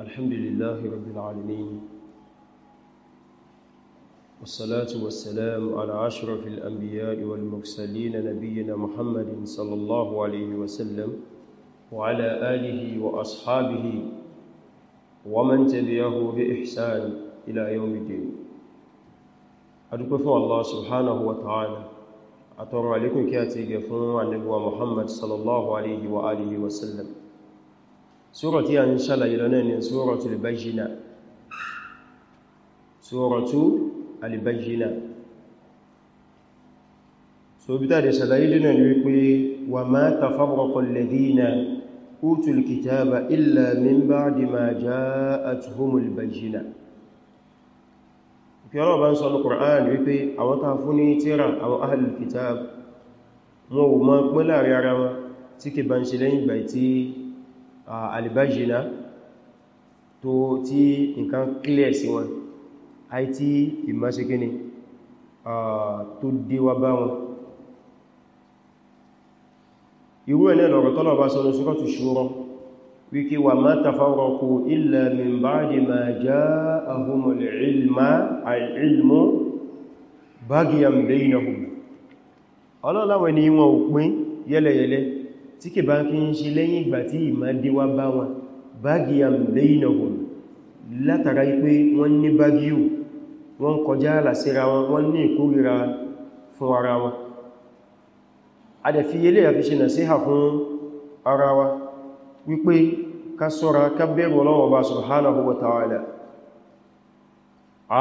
الحمد لله رب العالمين والصلاة والسلام على أشرف الأنبياء والمرسلين نبينا محمد صلى الله عليه وسلم وعلى آله وأصحابه ومن تبعه بإحسان إلى يوم الدين أدوكفو الله سبحانه وتعالى أترى عليكم كاتيك فنوى النبوة محمد صلى الله عليه وآله وسلم súrọ̀ tí a ń ṣàlàyé lọ náà ni Suratul Bayyina Suratul Bayyina so bí tàbí ṣàlàyé lọ náà ni wípé wa ma tafarraqa alladhina utul kitaba illa min ba'di ma ja'atuhumul bayyina fi ọlọ́ bá ń sọ Al-Qur'an wípé àwọn ta fún ní tíra àwọn Uh, alìbájìlá tó tí nǹkan clear sí wọn àì tí ìmọ́síkíní uh, tó déwà bá wọn irú ẹ̀nà lọ́rọ̀ tọ́lọ̀ bá sọ́nà Suratu Shura wíkí wa ma tafarraqu illa min ba'di ma ja'ahumul ilmu baghyan tí kì bá kí ń ṣe lẹ́yìn ìgbà tí ìmá díwá bá wọn báàgì yà lẹ́yìn ọ̀hún látara pé wọ́n ní báàgì yóò wọ́n kọjá àlàsíra wọn wọ́n ní ìkórira fún ara wọn a dẹ̀ fi yẹlẹ̀ fún ara wa wípé ká sọ́ra ká bẹ̀rù Ọlọ́run ta'ala a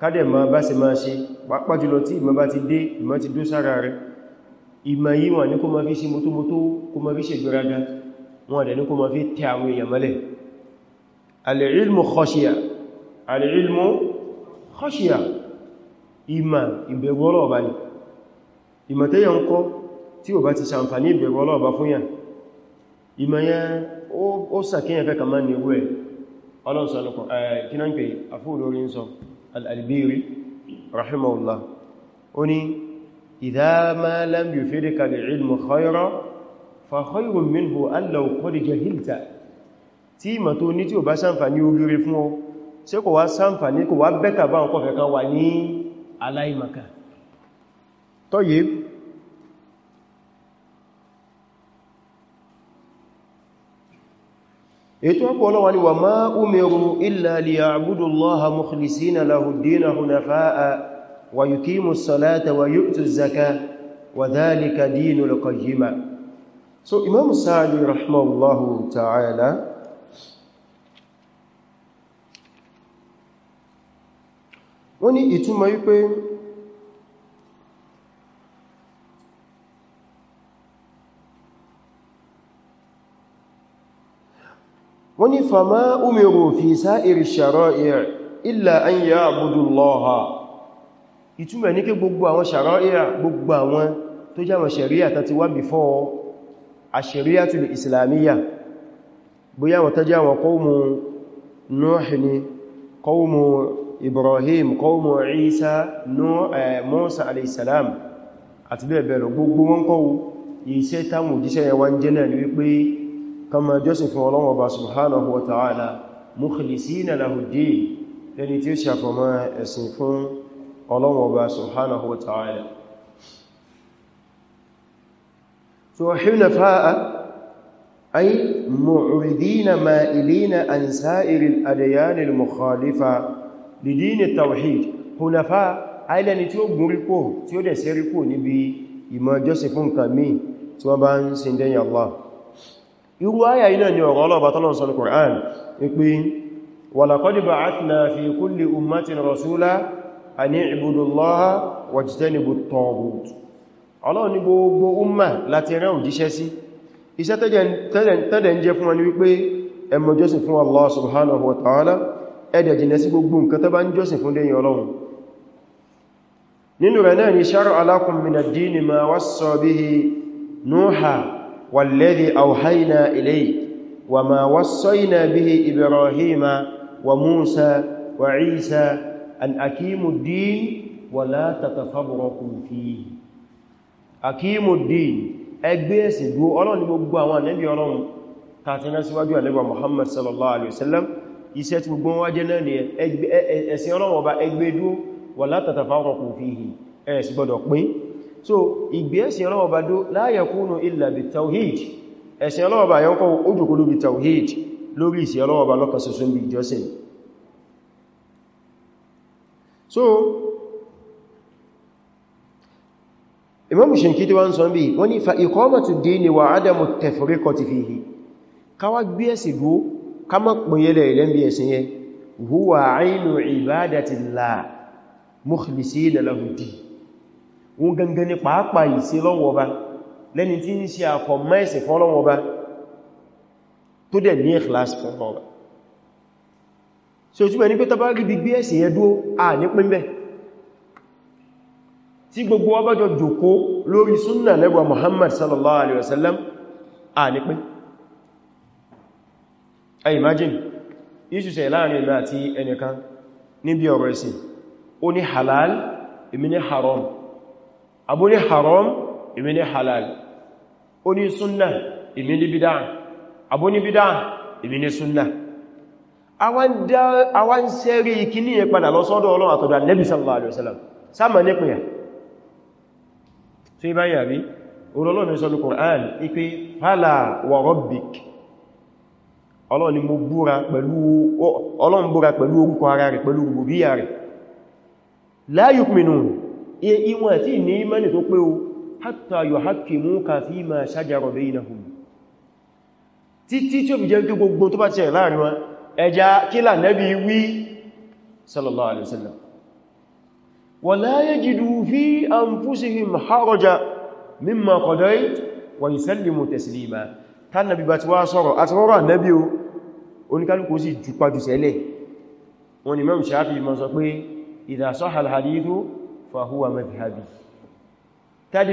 ká dẹ̀ ma bá ṣe máa ṣe pàápàá jùlọ ìmọ̀ yí wọn ní kó ma fi ṣe mọ́tọ́mọ́tọ́ kó ma fi ṣe gbẹ́rẹ́gá wọn dẹ̀ ní kó ma fi tẹ àwọn èèyàn mọ́lẹ̀ al-ilmu khashiya al-ilmu khashiya ìmọ̀ ìbẹ̀rù ọlọ́ọ̀bá ni ìmọ̀ tẹ́yà ń kọ́ tí ò bá ti ṣàǹfàní ìbẹ̀rù ọlọ́ọ̀bá fún idha ma lam yufidika al-ilmu khayran fa khayrun minhu an law qad jahilta tí ìmọ̀ tó ní tí ò bá ṣàǹfàní oríire fún ọ ṣe kò wá ṣàǹfàní kò wá bẹ́tà bá ọkọ̀ fẹ̀kan wà ní aláìmaka tọ́yé ètò ọ̀pọ̀ ọlọ́wà ni wa ma umiru illa liya'budu allaha mukhlisina lahu ad-dina ويقيم الصلاة ويؤتي الزكاة وذلك دين القيمة So Imam Sa'di rahimahullahu ta'ala wọ́n ní ìtumọ̀ wípé wọ́n ní fama umiru fi sa'ir shara'i illa an ya'budu Allah ìtumọ̀ ní kí gbogbo àwọn ṣàrá'íà gbogbo àwọn tó jáwọn ṣàríà tàti wá before àṣàríà tó lè islamiyya bóyá wọ́n tàjá wọn kọ́wọ́mù Nuh ni kọ́wọ́mù Ibrahim kọ́wọ́mù Isa eh, Musa alaihissalam àti bẹ́ẹ̀ lọ gbogbo wọn kọ́wọ́ iṣẹ́ táwọn òjíṣẹ́ yẹn wá ń jẹ́ náà ni wípé kama jọ́sìn fún Ọlọ́hun Ọba ọlọ́wọ̀ bá subhanahu wa ta'ala so hunafa'a ay mu'ridina ma'ilina an sa'iri al-adyan al-mukhalifa li din at-tawhid hunafa ailani tí ó gúnrí kó tí ó dẹ̀ sí rí kó níbi ìmọ̀ jọ́sìn fún nǹkan mí tí wọ́n bá ń sin dẹ́yìn Allah irú ayà iná ni ọ̀rọ̀ ọlọ́ọ̀bá tọ́lọ̀n sọ ní Qur'an ìpín wa laqad ba'athna fi kulli ummatin rasula ani ibudullaha wajtanibu at-taghut ọlọ́run ní gbogbo umma láti rán òjíṣẹ́ sí iṣẹ́ tẹ́dẹ̀ ń jẹ fún wọn ni wípé ẹ mọ́ jọ́sìn fún Allah subhanahu wa ta'ala ẹ̀dẹ̀ jìnà sí gbogbo nǹkan tó bá ń jọ́sìn fún dẹ́yìn ọlọ́run nínú rẹ̀ náà ni shar'a lakum min an akimu din wala tatafarraqu fihi akimu din ẹgbẹ́ ẹ̀sìn dúó ọlọ́run ní gbogbo àwọn ànábì ọlọ́run tàtíná síwájú ànábì Muhammad sallallahu alaihi wasallam iṣẹ́ tí gbogbo wá jẹ́ náà ni ẹ̀sìn ọlọ́run ọba ẹgbẹ́ dúó wala tatafarraqu so ìgbé ẹ̀sìn ọlọ́run ọba dó la yakunu illa bitawhid ẹ̀sìn ọlọ́run ọba yọ́kọ́ ó jòkó lórí tawhid lórí ìsìn ọlọ́run ọba so Imam Shinkiti wọ́n sọ bí wọ́n ní iqamatu dini wa adamu tafriqati fihi káwà gbé ẹ̀sì bó ká mọ́ pìnyẹlẹ̀ ilẹ̀ bí ẹ̀sìn yẹ huwa aynu ibadatillah mukhlisina lahu din wọ́n gangan ní pàápàá ìsẹ́ lọ́wọ́ba lẹ́ni se ń ṣe àfọ̀mọ́ ẹ̀sìn fọ́lọ́wọ́ba tó dẹ̀ ní ikhlas fọ́lọ́wọ́ba so túnbẹ̀ ní pé tọba rí bí gbé ẹ̀sìn yẹn dúó à ní pín bẹ́ tí gbogbo wa bá jọ jòkó lórí súnnà lẹ́gbà Muhammad sallallahu alaihi wasallam à ní pín I imagine ìṣùsẹ̀ láàrin ìlú àti ẹnìkan níbi ọ̀rọ̀ ẹ̀sìn ó ní halal èmi ní haram abú ní haram èmi ní halal ó ní súnnà èmi bídá abú bídá èmi súnnà àwọn sẹ́rí ìkíní yẹn padà lọ sọ́dọ̀ Ọlọ́run àtọ̀dọ̀ Ànábì sallallahu alaihi wasallam sáàmà nípìn yà tó ibá yà rí Ọlọ́run sọ ní Qur'an ipé fàlà wà rabbik Ọlọ́run búra pẹ̀lú orúkọ ara rẹ̀ pẹ̀lú rububiyya rẹ̀ la yu'minun ìwọ̀n àti ní ìmánì tó pé o hatta yuhakkimuka fima shajara bainahum títí tí ó fi jẹ́ gbogbo tó bá ti ẹ̀ láàrin wọn ẹja kílà nẹ́bí wí sallallahu alaihi wasallam wala yajidu fi anfusihim haraja mimma qadayt wa yusallimu taslima tán nàbí bá ti wá sọ̀rọ̀ àti rọ́rọ̀ nẹ́bí o oníkálùkù sì jùpadù sẹ́lẹ̀ wọn ni Imam Shafi'i mọ́ sọ pé idha sahha al-hadithu fa huwa madhhabi tàbí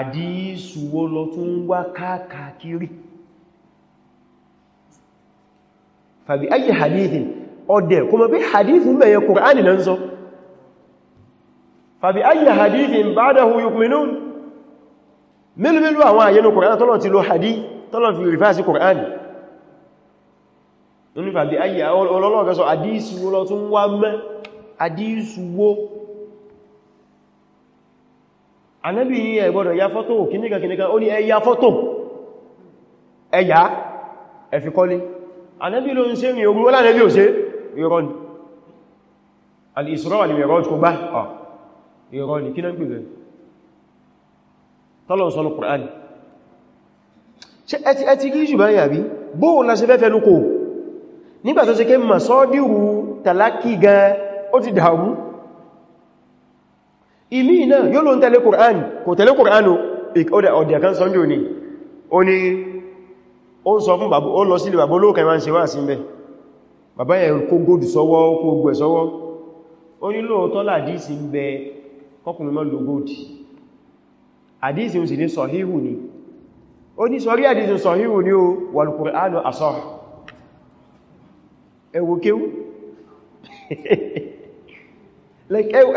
àdísù wo lọ tó ń wá káàkiri fàbí ayi hadithin ọdẹ̀ kò mọ̀ pé hadithin bẹ̀yẹ kùránì náà ń sọ fàbí ayi hadithin ba'dahu yu'minun mílùmílù àwọn àyẹnu kùránì tọ́lọ̀ ti lo hadith tọ́lọ̀ fi rìfà sí kùránì nínú fàbí ayi ọlọ́lọ́gẹ́sọ anẹ́bí ẹgbọ́dọ̀ ya fọ́tò kìníkà kìníkà ó ní ẹya fọ́tò ẹya ẹ̀fikọ́lé anẹ́bí ló ń ṣe mi ogun olánẹ́bí ò ṣe ìrọ́nì al-Isra wal-Mi'raj kò gbá ìrọ́nì kí náà gbìyànjú tọ́lọ̀ sọ́nà Kùránì ṣe ẹti rí jù báyìí àbí bóòun la ṣe fẹ́ ìmí náà yóò ló ń tẹ́lé Kùránì kò tẹ́lé Kùránì ọdẹ̀ kan sọ́njò ní o ní o ń sọ fún bàbá o lọ sílé bàbá olóòkà ìwá ń ṣe wá sí mẹ́ bàbá yẹn kó góòdù sọ́wọ́ kó gbẹ̀ sọ́wọ́ o ní lóòótọ́ làdísì ń bẹ kọkùnrin mọ́ lògóòdì àdísì like ẹwọ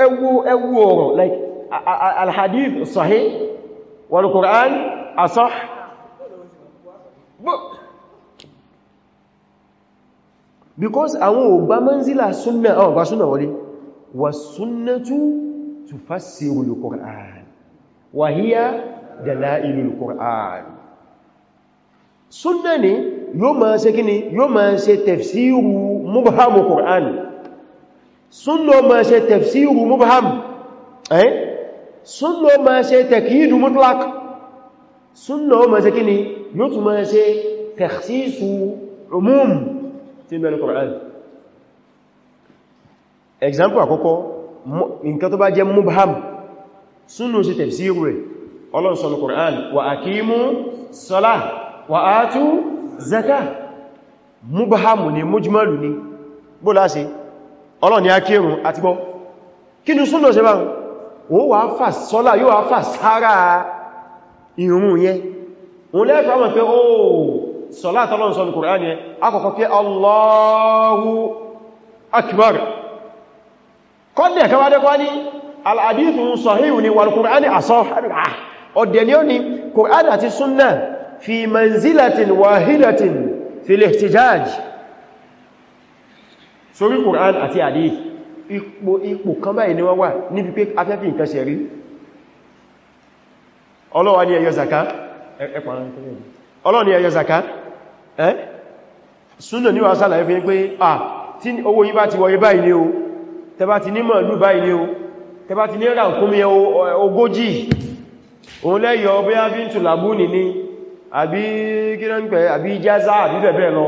ẹwọ ọ̀rọ̀ like alhadith sahih wal Qur'an asah because àwọn ògbà manzila súnnà àwọn ògbà súnnà wọlé wà súnnàtú tufassiru al-Qur'an wa hiya dalailu al-Qur'an súnnà ni yóò máa ṣe kíni yóò máa ṣe tafsiru mubhamu Qur'an súnlọ ma ṣe tafsiru mubham ẹ́ súnlọ ma ṣe takidu mutlak súnlọ ma ṣe kíni yóò tún ma ṣe takhsisu umum tí mẹ́rin Qur'an example àkọ́kọ́ nǹkan tó bá jẹ́ mubham súnlọ ṣe tafsiru rẹ̀ Ọlọ́run sọ ní Qur'an wa aqimu salah wa atu zakah mubham ni bó láṣe ọlọ́ni akírun àti gbọ́ kí ni súnnà ṣe báhùn o wà fà sọ́lá yóò wà fà sára ìrun yẹn òun lẹ́fà mọ̀ pé o sọ́lá tọ́lọ́n sọ ní Kùrán yẹn akọ̀kọ́ pé Allahu Akbar kọ́dẹ̀ kọwàdẹ́kọ́ ní al fi manzilatin wahidatin fil sórí Qur'an àti hadith ipò ipò kan báyìí ni wọ́n wà níbi pé afẹ́fì nǹkan ṣe rí ọlọ́wà ní ẹyọ zaka ọlọ́ni ẹyọ zaka ẹ́ súnà ní wàásà láì fi ń pé à tí owó yí bá ti wọye báyìí ni o tẹbá ti ní ni o tẹbá ti ní ràkúnmí ogójì ń tùlàbú àbí jáza àbí bẹ̀bẹ̀ lọ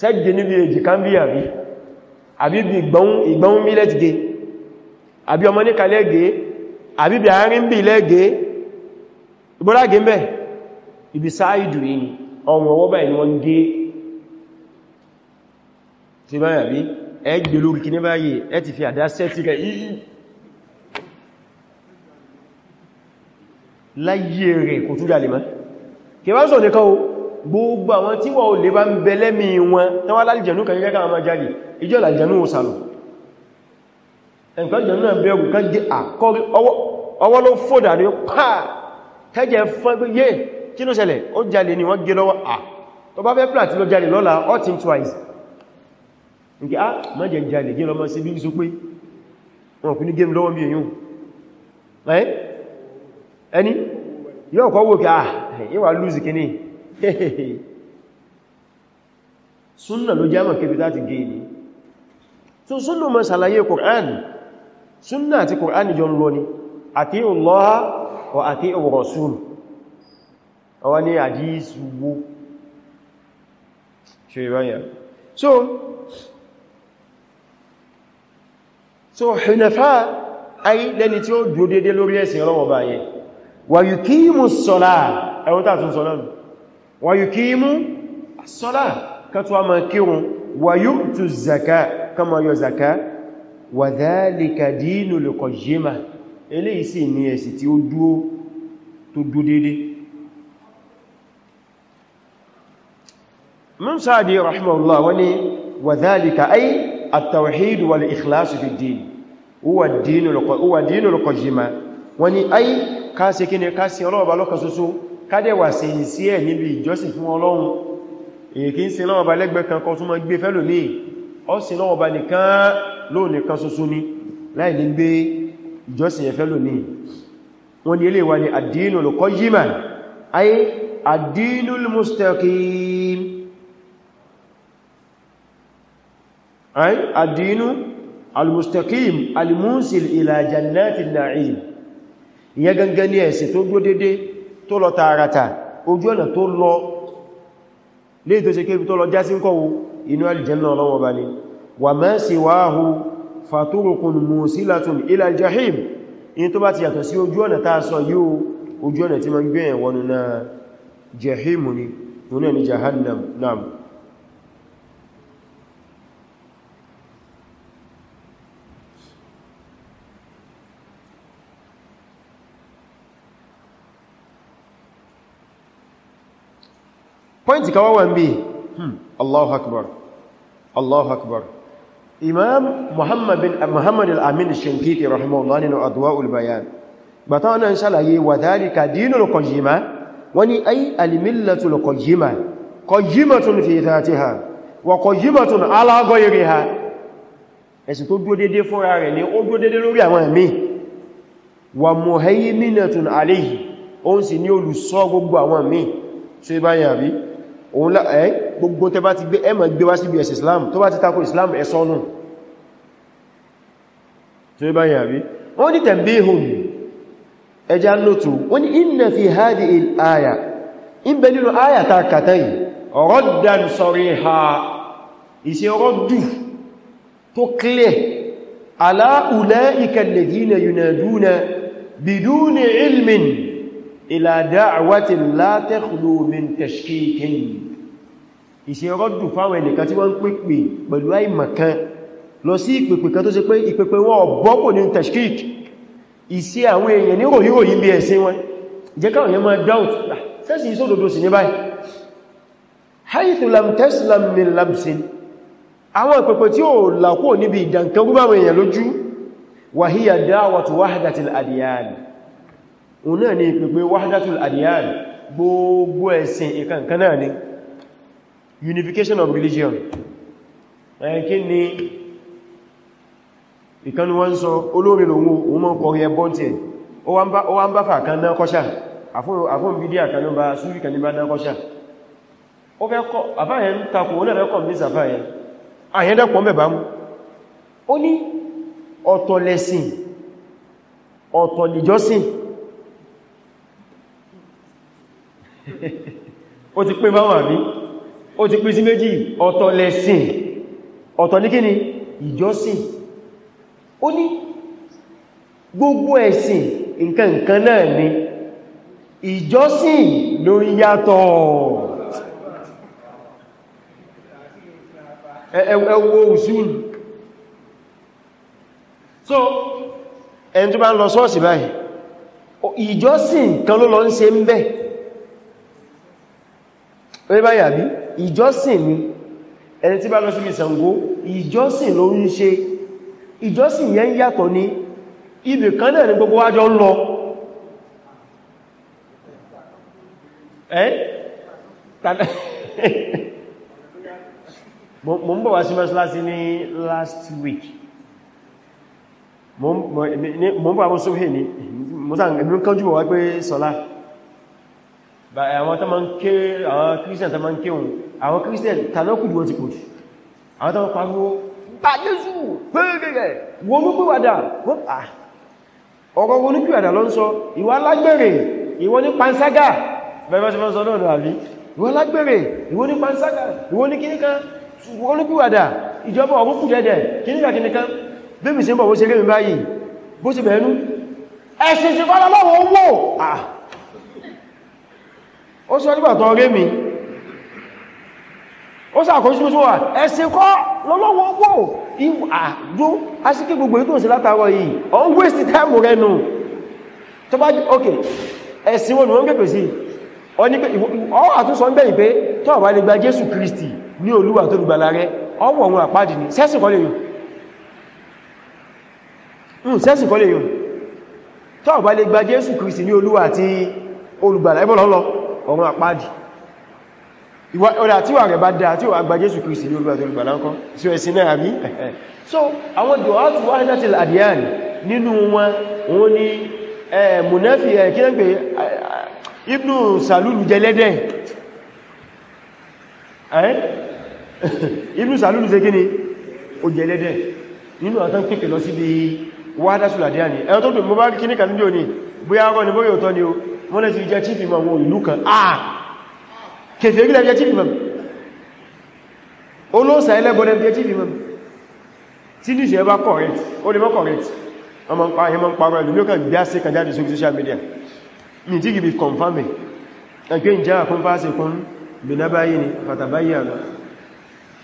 sẹ́gbẹ̀ níbi èjì kan bí àrí àbí bí ìgbọ́n mílẹ̀ ti gé àbí ọmọ níka lẹ́gẹ́ àbí bí àárín bí lẹ́gẹ́ ìbọ́lágé mẹ́ ibi sáàìdù yìí ọrùn ọwọ́ báyìí ni wọ́n gé ti báyà bí ẹgbẹ̀ lórí kí ní báyìí ẹ ti fi àdá sẹ́tì rẹ̀ yìí láyé rẹ̀ kò tún jà lè mọ́ kí wá sọ nìkan o gbogbo àwọn tí wọ́n olè bá ń bẹ lẹ́mí wọn tán wá lálìjẹ̀nú kan gẹ́gẹ́ àwọn ajáde ìjọ́ lálìjẹ̀nú ò sàlù ẹ̀nkọ́lìjẹ̀nú náà bẹ̀rù kan jẹ́ àkọ́rí ọwọ́ ló fòdà ní pàà tẹ́jẹ̀ fún pé yé kí ló ṣẹlẹ̀ ó jalè ni wọ́n gé lọ́wọ́ à tó bá fẹ́ plant ló jalè lọ́la all think twice nke a ah, má jẹ jalè gé lọ́mọ sí bí i sópé wọn kì ní gé lọ́wọ́ bí èyàn ẹni yóò kọ́ wò kí à ìwà lose kìíní súnnà ló jámọ̀ kébí láti gé ní tó súnnà mọ́ sàlàyé Qur'an súnnà àti Qur'an jọ lọ ni ati'u Allaha wa ati'u Rasul àwọn ní àdísúwó ṣe ìbáyà so so hunafa ay lẹ́ni tí ó dúró dédé lórí ẹ̀sìn ọlọ́wọ̀ báyẹ wa yuqimus salah ẹwọ́ta tún sọ náà wa yuqimu as-salah kátùwà ma kírun wa yu'tu zaka kama yọ zaka wa dhalika dinul qayyimah eléyìí sì ní ẹ̀sì tí ó dúó tó dú dédé mọ́n sáàdì rahimahullah wani wa dhalika ay at-tawhid wal ikhlas fi din kádẹ̀wà sí sí ẹ̀ níbi ìjọsìn fún ọlọ́run èyí kí ń sin lọ́wọ́ bá lẹ́gbẹ́ kan kan tún mọ́ gbé fẹ́lò ní ọ sin lọ́wọ́ bá nìkan lóò nìkan ṣoṣo ní láì ní gbé ìjọsìn ẹ̀fẹ́lò ní wọ́n ni eléwà ni ad-dinul qayyim ay ad-dinul mustaqim ay ad al-mustaqim al-musil ila jannatin na'im ìyẹn gangan ni ẹ̀sìn tó dúró déédéé tó lọ tààràtà ojú ọ̀nà tó lọ lè tó ṣe kébi tó lọ já sí ń kọwọ́ inú alìjẹ́nà ọlọ́wọ́ bá ní wà mẹ́sí wáhù fàtúrùkùn mùsílàtùn ilá jahim in tó bá ti yàtọ̀ sí ojú ọ̀nà tàà sọ yóò ojú ọ̀nà tí ma ń gbẹ̀yẹ̀ wọnú na jahim ni nínú ni jahannam náà pọ́ìntì kan wọ́n bí hmm. Allahu akbar Allahu akbar imam Muhammad bin Muhammad al-Amin al-Shankiti rahimahullah nínú Adwa'ul Bayan bàtà wọn ń ṣàlàyé wa dhalika dinul qayyima wọ́n ni ay al-millatul qayyima qayyimatun fi dhatiha wa qayyimatun ala ghayriha ẹ̀sìn tó dúró dédé fúnra rẹ̀ ni ó dúró dédé lórí àwọn ẹ̀mí wa muhayminatun alayhi ó ń sì ní olùṣọ́ gbogbo àwọn ẹ̀mí tí ó òun lá ẹ́ gbogbo tẹ bá ti gbé ẹmọ̀ gbé wá síbi ẹ̀sì islam tó bá ti tako islam ẹ̀sọ́nù tó bá yà rí wọ́n ní tẹ̀mbéhùn ẹja lótò wọ́n ní inna fi hadi al-aya in bẹ nínú aya ta kàtàyì raddan sariha ìṣe min tashkikin ìṣẹ́rọ́dù fáwọn ẹnìkan tí wọ́n ń pèpè pẹ̀lú àìmọ̀kan lọ sí ìpèpè kan tó ṣe pé ìpèpè wọ́n bọ́pò ní tashkik ìṣẹ́ àwọn èèyàn ní ròyí ròyí bí ẹ̀sìn wọn jẹ́ káwọn yẹn máa doubt sẹ́sì ìṣòdòdó sí ní báyìí haythu lam taslam min labsin àwọn ìpèpè tí ó làkó níbi ìdànkan gúbà àwọn èèyàn lójú wa hiya da'watu wahdatil adyan òun náà ni ìpèpè wahdatul adyan gbogbo ẹ̀sìn ìkankan náà ni unification of religion ẹ̀kí ni ìkanu wọ́n sọ olórin lòun òun mọ́ kọrí ẹbọ́n tí ẹ̀ ó wá ń bá fà kan náà kọ́ṣà àfún bídí àkanú bá súrí kan ní bá náà kọ́ṣà ó fẹ́ kọ́ àfáyẹ ń takò ó lẹ́rẹ́ kọ̀ ó ti pín sí méjì ọ̀tọ̀ lẹ́sìn ọ̀tọ̀ ní kíni ìjọsìn ó ní gbogbo ẹ̀sìn nǹkan nǹkan náà ni ìjọsìn ló ń yàtọ̀ ẹwọ usul so ẹni tó bá ń lọ sọ́ọ̀sì báyìí ìjọsìn kan ló lọ ń ṣe ń bẹ orí báyìí àbí ìjọsìn ni ẹni tí bá lọ síbi Ṣàngó ìjọsìn ló ń ṣe ìjọsìn yẹn yàtọ̀ ní ibì kan náà ni gbogbo wájọ ń lọ ẹ́ tàbí mo ń bọ̀ wá sí mọ́sálásí ní last week mo ń bọ̀ àwọn sóhè ní mọ́sàn kánjú wọ́n wá pé sọ́lá àwọn Christian tó máa ń kéhùn àwọn christian tànákù jù wọ́n ti pòjù àwọn tó pàrọ bá jésù pẹ́rẹ̀rẹ̀ wọnúkúwàdà ọ̀rọ̀ wọnúkúwàdà ló ń sọ ìwà lágbèrè ìwọ ní panṣágà ìjọba ọ̀rún kù dẹ́dẹ̀ kìníkà kìníkà bí i sí ń bọ̀ bó ṣe rí mi báyìí bó sì bẹ̀ẹ́nú ẹ̀ṣẹ̀ ṣe kọ́ lọ́wọ́ owó àà ó sọ nígbàtọ̀ rí mi ó sàkóṣúṣú wà ẹ̀sìn kọ́ lọ́lọ́wọ́ wò àjú aṣíkí gbogbo ìtò sí látàrọ yìí ọ ń wéṣì táìmù rẹ nù tó bá ok ẹ̀sìn wọn ni wọ́n ń bẹ̀yìn pé tó hmm, lè gba Jésù Kristi ní Olúwa àti olùgbàlà ẹbọ́lọ́lọ́ ọ̀run àpáàdì ọ̀dá tí wà rẹ̀ bá dáa tí wà gba Jésù Kristi ní olúwàtí olùgbàláńkọ́ sí ẹ̀sìn náà rí so àwọn dùwátù wáhídátìl àdìyàn nínú wọn òun ni mùnáfí ẹ̀kílẹ́gbẹ̀ ibnu salulu jẹlẹ́dẹ̀ ibnu salulu jẹ gíní o jẹlẹ́dẹ̀ nínú àtán pípẹ̀ lọ síbi wáhídátìl àdìyàn ẹ̀rọ tó dùn mọ́ bá kíníkà níjò ní bóyá rọ́ kèfèrí lẹ́bí ẹtí fìmọ̀ olóòsà ẹlẹ́bọ̀ lẹ́bí ẹtí fìmọ̀ tí ní ṣe bá correct ó lè mọ́ correct ọmọ ń pa ẹmọ ń parọ́ ẹlú ní ó kàn gbá sí kàjáde sórí social media ní tí kìí confirm ẹgbẹ́ ìjá àkún fásí kún bìnábáyé ni fàtàbáyé àná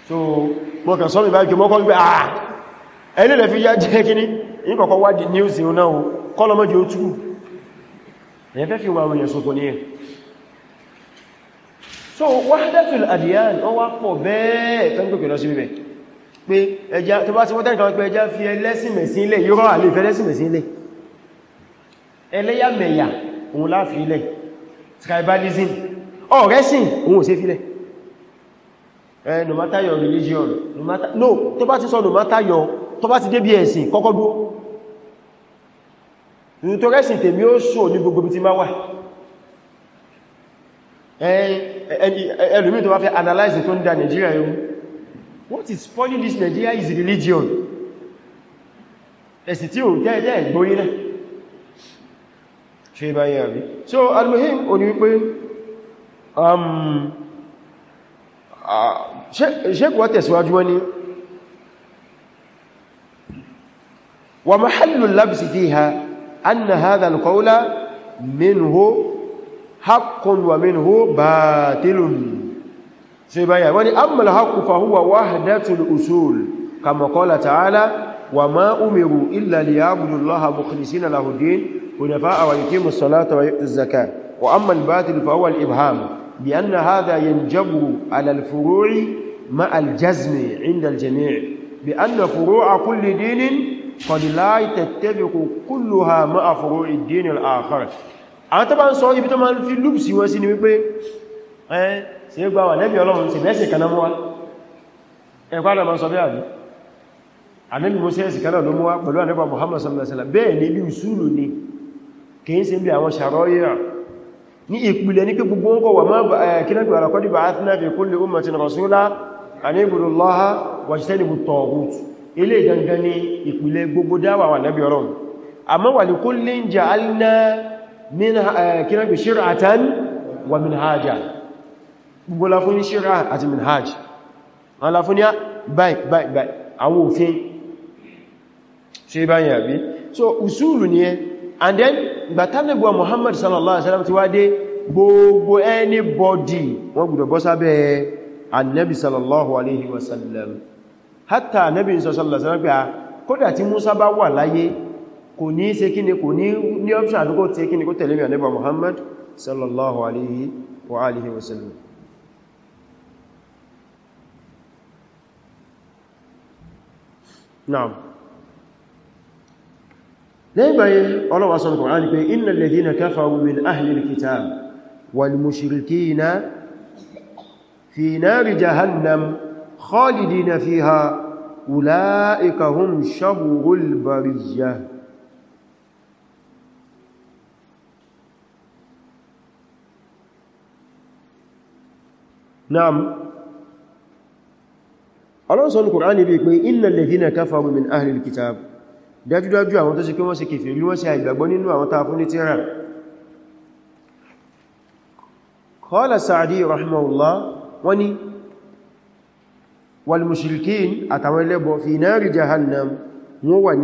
so mọ́ kàn sọ́mì bá gbẹmọ́ so wahdatul adiyan wọ́n wá pọ̀ bẹ́ẹ̀ tó ń pèpè lọ sí bíbẹ̀ pé ẹja tó bá ti wọ́n tẹ́rìkan pé ẹja fi ẹlẹ́sìnmẹ̀sí ilẹ̀ yóò rọ́ àlè ìfẹ́lẹ́sìnmẹ̀sí ilẹ̀ ẹlẹ́yàmẹ̀yà òun láàfi ilẹ̀ tribalism ọ̀rẹ́sìn òun ò sí filẹ̀ no matter your religion no matter no tó bá ti sọ no matter your tó bá ti dé bí ẹ̀sìn kọ́kọ́ dúó nítorẹ́sìn tèmi ó sọ ní gbogbo bí ti máa wà ẹ̀yìn ẹlùmí tó wá fẹ́ analyze tó ń da Nigeria yóò what is spoiling this Nigeria is religion ẹ̀sì tí ó jẹ́ ẹ̀jẹ́ ìgbóyí náà ṣe báyìí àbí so al-muhim o ni wípé um, ah, ṣekùwá tẹ̀síwájú wani wa mahallu labsi fiha anna hadha al-qawla minhu حق ومنه باطل سيبايا واني أما الحق فهو وحدة الأصول كما قال تعالى وما أمروا إلا ليعبدوا الله مخلصين له الدين ونفاء ويقيموا الصلاة ويؤتوا الزكاة وأما الباطل فهو الإبهام بأن هذا ينجب على الفروع مع الجزم عند الجميع بأن فروع كل دين قد لا تتبق كلها مع فروع الدين الآخر àwọn tó bá ń sọ ibi tó máa ń fi lúùpù sí wọn sí ni wípé ẹ́ sí gbà wà nẹ́bí ọlọ́run sí bẹ́ẹ̀sì kaná mú wá ẹ̀kọ́ àdàmà sọ bí àbí ànẹ́bí mú sí ẹ̀sì kaná ló mú wá pẹ̀lú ànẹ́bà Muhammad sallallahu alaihi wasallam bẹ́ẹ̀ ní bí ìsúlù ni kìí sí bí àwọn ṣàrọ́yà ní ìpìlẹ̀ ní gbogbo ọkọ̀ wà kíná pè ṣíra àtàn wà minhaja gbogbo la fún ní ṣíra àti minhaj wọ́n la fún ní àwọn òfin ṣe báyìí àbí so usulu ni and then gbàtánàgbà Muhammad sallallahu alaihi wasallam ti wá dé gbogbo anybody wọ́n gbọ́dọ̀ bọ́ sábẹ́ annabi sallallahu alaihi wasallam hatta annabi sallallahu alaihi wasallam kódà tí Musa bá wà láyé kò ní ṣe kí ni kò ní ní option àti kó tẹ́ kí ni ko ni ni option adugbo ti ki ni ko tele mi àníbà Muhammad sallallahu alihi wa alihi wasallam na'am lẹ́yìn báyé ọlọ́wà sọ nǹkan ránì pé innal ladhina kafaru min ahlil kitab wal ina fi nari jahannam khalidina fiha ulaika hum sharrul bariyah naam ọlọ́sọ̀ ní Kùránì bí pé innal ladhina kafaru min ahlil kitab dájúdájú àwọn tó sì pé wọ́n ṣe kèfèrí wọ́n ṣe àìgbàgbọ́ nínú àwọn tàà fún ní tíra qala Sa'di rahimahullah wọ́n ni wal mushrikin àtàwọn ẹlẹ́bọ fi nari jahannam wọ́n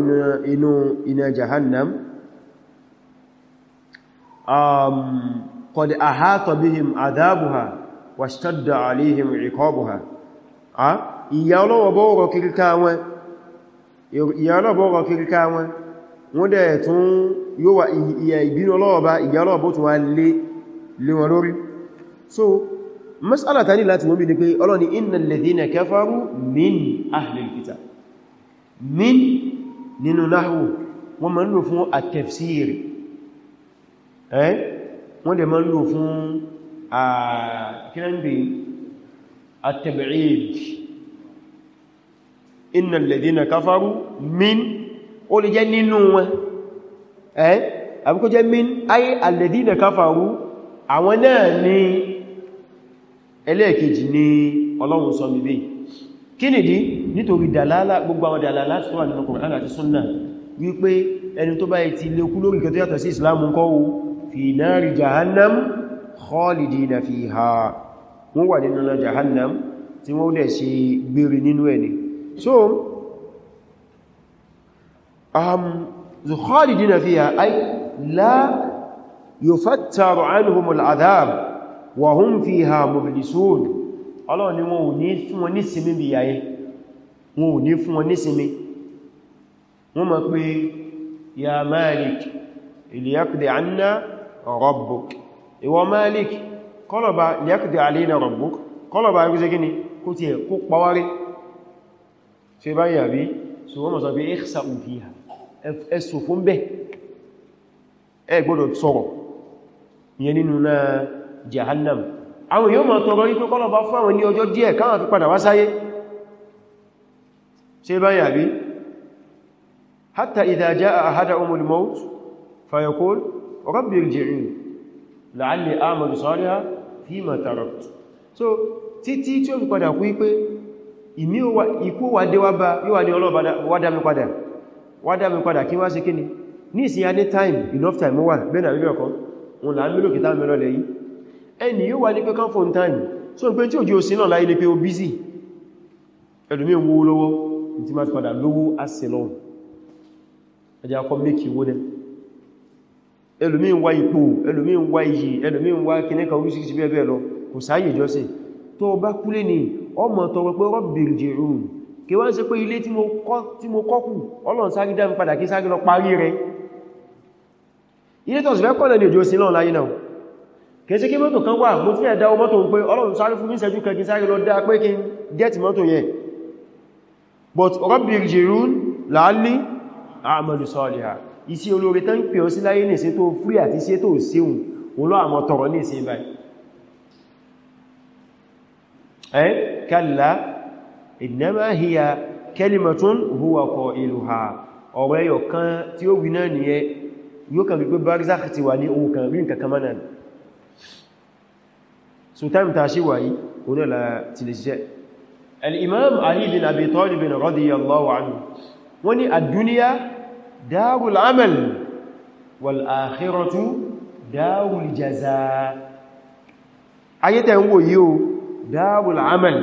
wà washtadda alayhim iqabuha a ìyà ọlọ́wọ̀ bọ́ọ̀rọ̀ kíríká wọn ìyà ọlọ́wọ̀ bọ́ọ̀rọ̀ kíríká wọn wọ́n dẹ̀ tún yóò wà so mas'ala tani láti wọ́n bí ní pé Ọlọ́run ní innal ladhina kafaru min ahlil kitab min nínú nahwu wọ́n ma ń lò fún eh wọ́n dẹ̀ ma ń lò كنبي التبعيد إن الذين كفروا من قول جننوا eh àbíkọ́ jẹ́ min ayé alladhina kafaru àwọn náà ni ẹlẹ́ẹ̀kejì ni ọlọ́run sọ mi bí kí nìdí nítorí dàlálà gbogbo àwọn dàlálà tó wà nínú Kùránì àti súnnà wípé ẹni tó bá ti lékú lórí kẹtọ́ yàtọ̀ sí ìsìlámù kọ́ fi nari jahannam khalidina fiha wọ́n wà nínú jahannam tí wọ́n dẹ̀ ṣe gbére nínú ẹni so um khalidina fiha ay la yufattaru anhum al'adhab wa hum fiha mublisun ọlọ́run ni wọn ò ní fún wọn nísinmi bí ayé wọn ò ní fún wọn nísinmi wọ́n mọ̀ pé ya malik iliyakde anna rabbuk ìwọ Malik kọlọ̀bá liyaqdi alayna rabbuk kọlọ̀bá ríṣẹ́ gini kó ti ẹ̀ kó pàwárí ṣe bá yà bí so wọ́n mọ̀ sọ bí ikhsa'u fiha ẹ̀sù fún bẹ́ ẹ gbọ́dọ̀ sọ̀rọ̀ ìyẹn nínú na jahannam àwọn yóò mọ̀ tọrọ wípé kọlọ̀bá fún àwọn ní ọjọ́ díẹ̀ káwọn fi padà wá sáyé ṣe bá yà bí hatta idha ja'a ahadahumul maut fayaqul rabbi láàlè àmàlù sọ́ríà fíìmà tarot so títí tí ó fi padà kú wípé ìmí ikú wádé wádé ọlọ́wádámi padà wádámi padà kí wá sí kí ni ní ìsìn adé time enough time wà bẹ́ẹ̀nà rí ọkọ́ wọn là ń mílò kìtà mẹ́rọ lẹ́yìn ẹni yóò wá ní pé kan phone time so pé tí ò jí o sí náà láyé ní pé o busy ẹlùmí owó lọ́wọ́ tí máa padà lówó asìlọ́un ẹjá kọ́ mékì wó náà ẹlòmí ń wá ipò ẹlòmí ń wá iyì ẹlòmí ń wá kìníkà orísìírísìí bẹ́ẹ̀ bẹ́ẹ̀ lọ kò sáyè jọ́sìn tó bá kúlé ní ọmọ tọrọ pé Rabbi irji'un kí wọ́n ṣe pé ilé tí mo kọ́kù Ọlọ́run sáré dá mi padà kí sáré lọ parí rẹ̀ ilé tọ̀sí fẹ́ kọ́lẹ̀ ní òjòsìn náà láyé náà kẹsí kí mọ́tò kan wà mo fi ẹ̀dá mọ́tò pé Ọlọ́run sáré fún mi ìṣẹ́jú kan kí sáré lọ dá pé kí n gẹ́ẹ̀tì mọ́tò yẹn but Rabbi irji'un la'alli a'malu salihan iṣẹ́ olóore tán pè ọ sí láyé nìsí tó fúrí àti iṣẹ́ tó síhùn olóò àmọ́ tọrọ ní ìsìn báyìí ẹ́ kalla innama hiya kalimatun huwa qailuha ọ̀rọ̀ ẹyọ kan tí ó wí náà nìyẹ yóò kàn rí barzakh ti wà ní darul amal wal akhiratu darul jaza ayé tẹ́ ń wò yí o darul amal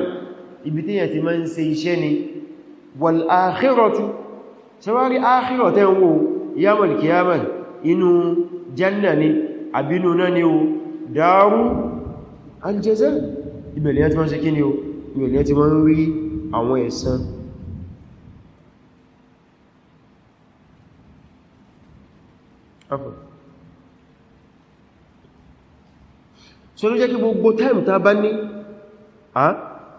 ibi tí yẹ ti máa ń ṣe iṣẹ́ ni wal akhiratu ṣẹwárí akhirọ̀ tẹ́ ń wò yamal kiyamal inú janna ni àbínú náà ni o dáru aljaza ibẹ̀lẹ̀ ti máa ń ṣe kí ni o ibẹ̀lẹ̀ ti máa ń rí àwọn ẹ̀san tafadhal so ló jẹ́ kí gbogbo time ta bá ní a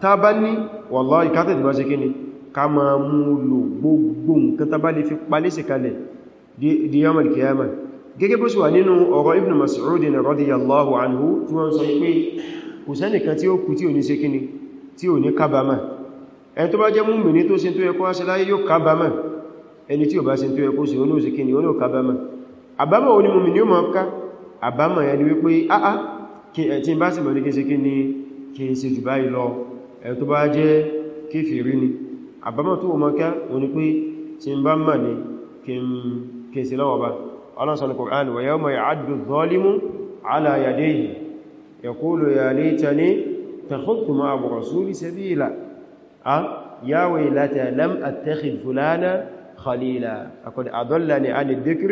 ta bá ní wallahi ìkátẹ̀ tí bá ṣe kí ni ká ma mú lò gbogbo nǹkan ta bá lè fi palẹ́sẹ̀ kalẹ̀ di yamal kiyama gẹ́gẹ́ bó sì wà nínú ọ̀rọ̀ ibn mas'udin radiyallahu anhu tí wọ́n sọ pé kò sẹ́nìkan tí ó kú tí ò ní ṣe kí ni tí ò ní kábàmà ẹni tó bá jẹ́ mùmínì tó ṣe tó yẹ kó wá ṣe láyé yóò kábàmà ẹni tí ò bá ṣe tó yẹ kó ṣe ó ní ó ṣe kí ni ó ní ò kábàmà àbámọ̀ oní mọ̀mí ni ó mọ̀ ká àbámọ̀ yẹn ni wípé áá tí n bá sì mọ̀ní kése kí ni kí n ṣe jù báyìí lọ ẹ̀ tó bá jẹ́ kéfèrí ni àbámọ̀ tó mọ̀ ká wọ́n ni pé tí bá mọ̀ ní kí n ṣe lọ́wọ́ bá ọlọ́sọ̀ مع الرسول سبيلا يا ويلتى لم اتخذ فلانا خليلا فقد اضلني عن الذكر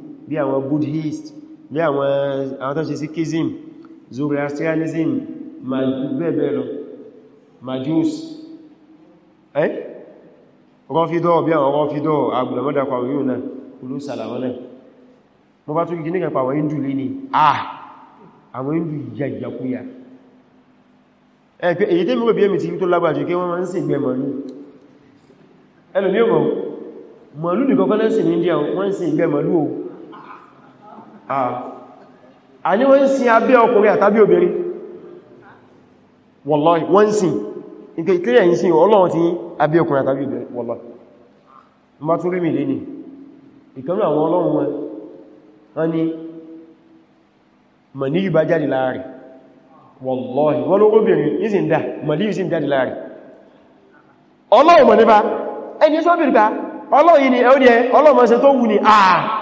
bí àwọn buddhist bí àwọn àwọn tó ṣe sikhism zoroastrianism bẹ́ẹ̀bẹ́ẹ̀ lọ majus ẹ́ rọ́fídọ́ bí àwọn rọ́fídọ́ agbùdàmọ́dàkọ̀ àwọn yóò náà olóòsàlàwọ́ náà mo bá tún gí nígbà pàwọn hindu lé ní àà ah! àwọn hindu yàjàkúyà ẹ̀pẹ́ èyí tí mú bí èmì tí tó lágbàjú kí wọ́n máa ń sìn gbẹ mọ̀lú ẹlùmí ò mọ̀lú nìkan kọ́ lẹ́sìn ní India wọ́n ń sìn gbẹ anyị ah. wọ́n sin abẹ́ ọkùnrin àtàbí obìnrin wọ́n sin nke ìkílẹ̀ yìí sin ọlọ́run ti abẹ́ ọkùnrin àtàbí obìnrin ma tún rí mi lé ní ìkanú àwọn ọlọ́run wọn wọ́n ni mọ̀níyù bá jáde láàrin wallahi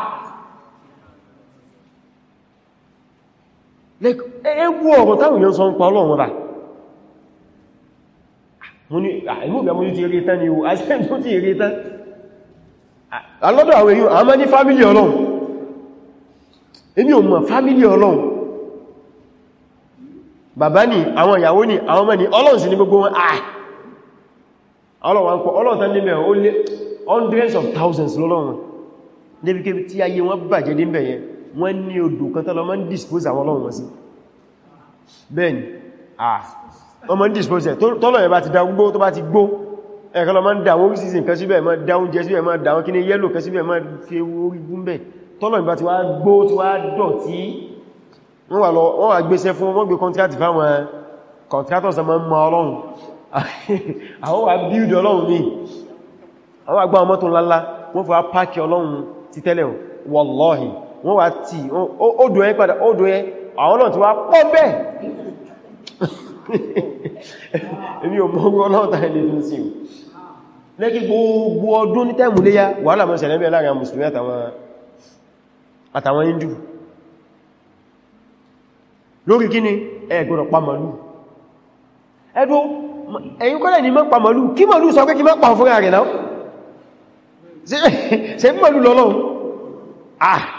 ẹgbù ọ̀rọ̀ táwọn èèyàn sọ ń pa ọlọ́run rà mo ní ah, àìhùgbà mo ti rí tán alọ́dọ̀ ah, àwọn èèyàn máa ní fámílì ọlọ́run èmi ò mọ̀ fámílì ọlọ́run bàbá ni àwọn ìyàwó ni àwọn ọlọ́run ní gbogbo wọn ah! ọlọ́run pọ̀ ọlọ́run tán wọ́n ní odò kan tọ́lọ mọ́ ń dispose àwọn ọlọ́run wọn sí bẹ́ẹ̀ni ah ọmọ ń dispose tọ́lọ ẹ̀ bá ti da gbó tó bá ti gbó ẹ̀kọ́ lọ mọ́ ń da orí sísìn kan síbẹ̀ mọ́ da oúnjẹ síbẹ̀ mọ́ da wọn kí ní yẹ́lò kan síbẹ̀ mọ́ fi orí gúnbẹ̀ tọ́lọ ìbá ti wá gbó tí wá dọ̀tí wọ́n wà gbéṣẹ́ fún wọ́n gbé kọntrakti fáwọn kọntrakti ọmọ ọmọ ọlọ́run àwọn wà bíúdì fọ́ apákì ọlọ́run ti tẹ́lẹ̀ wallahi wọ́n wá tí odò ẹ padà odò ẹ àwọn náà ti wá pọ́ bẹ́ẹ̀ èmi ò mọ́ ọgbọ́n náà tàí lè fún sí o lẹ́kí gbogbo ọdún ní tẹ́mù léyá wàhálà mọ́ ṣẹlẹ̀ bẹ́ẹ̀ láàrin mùsùlùmí àtàwọn Hindu lórí kíni ẹ gbọ́dọ̀ pa màlúù ẹdú ẹ̀yin kọ́lẹ̀ ni mọ́ pa màlúù kí màlúù sọ pé kí má pa fúnra rẹ̀ náà ṣe màlúù lọ́lọ́run ah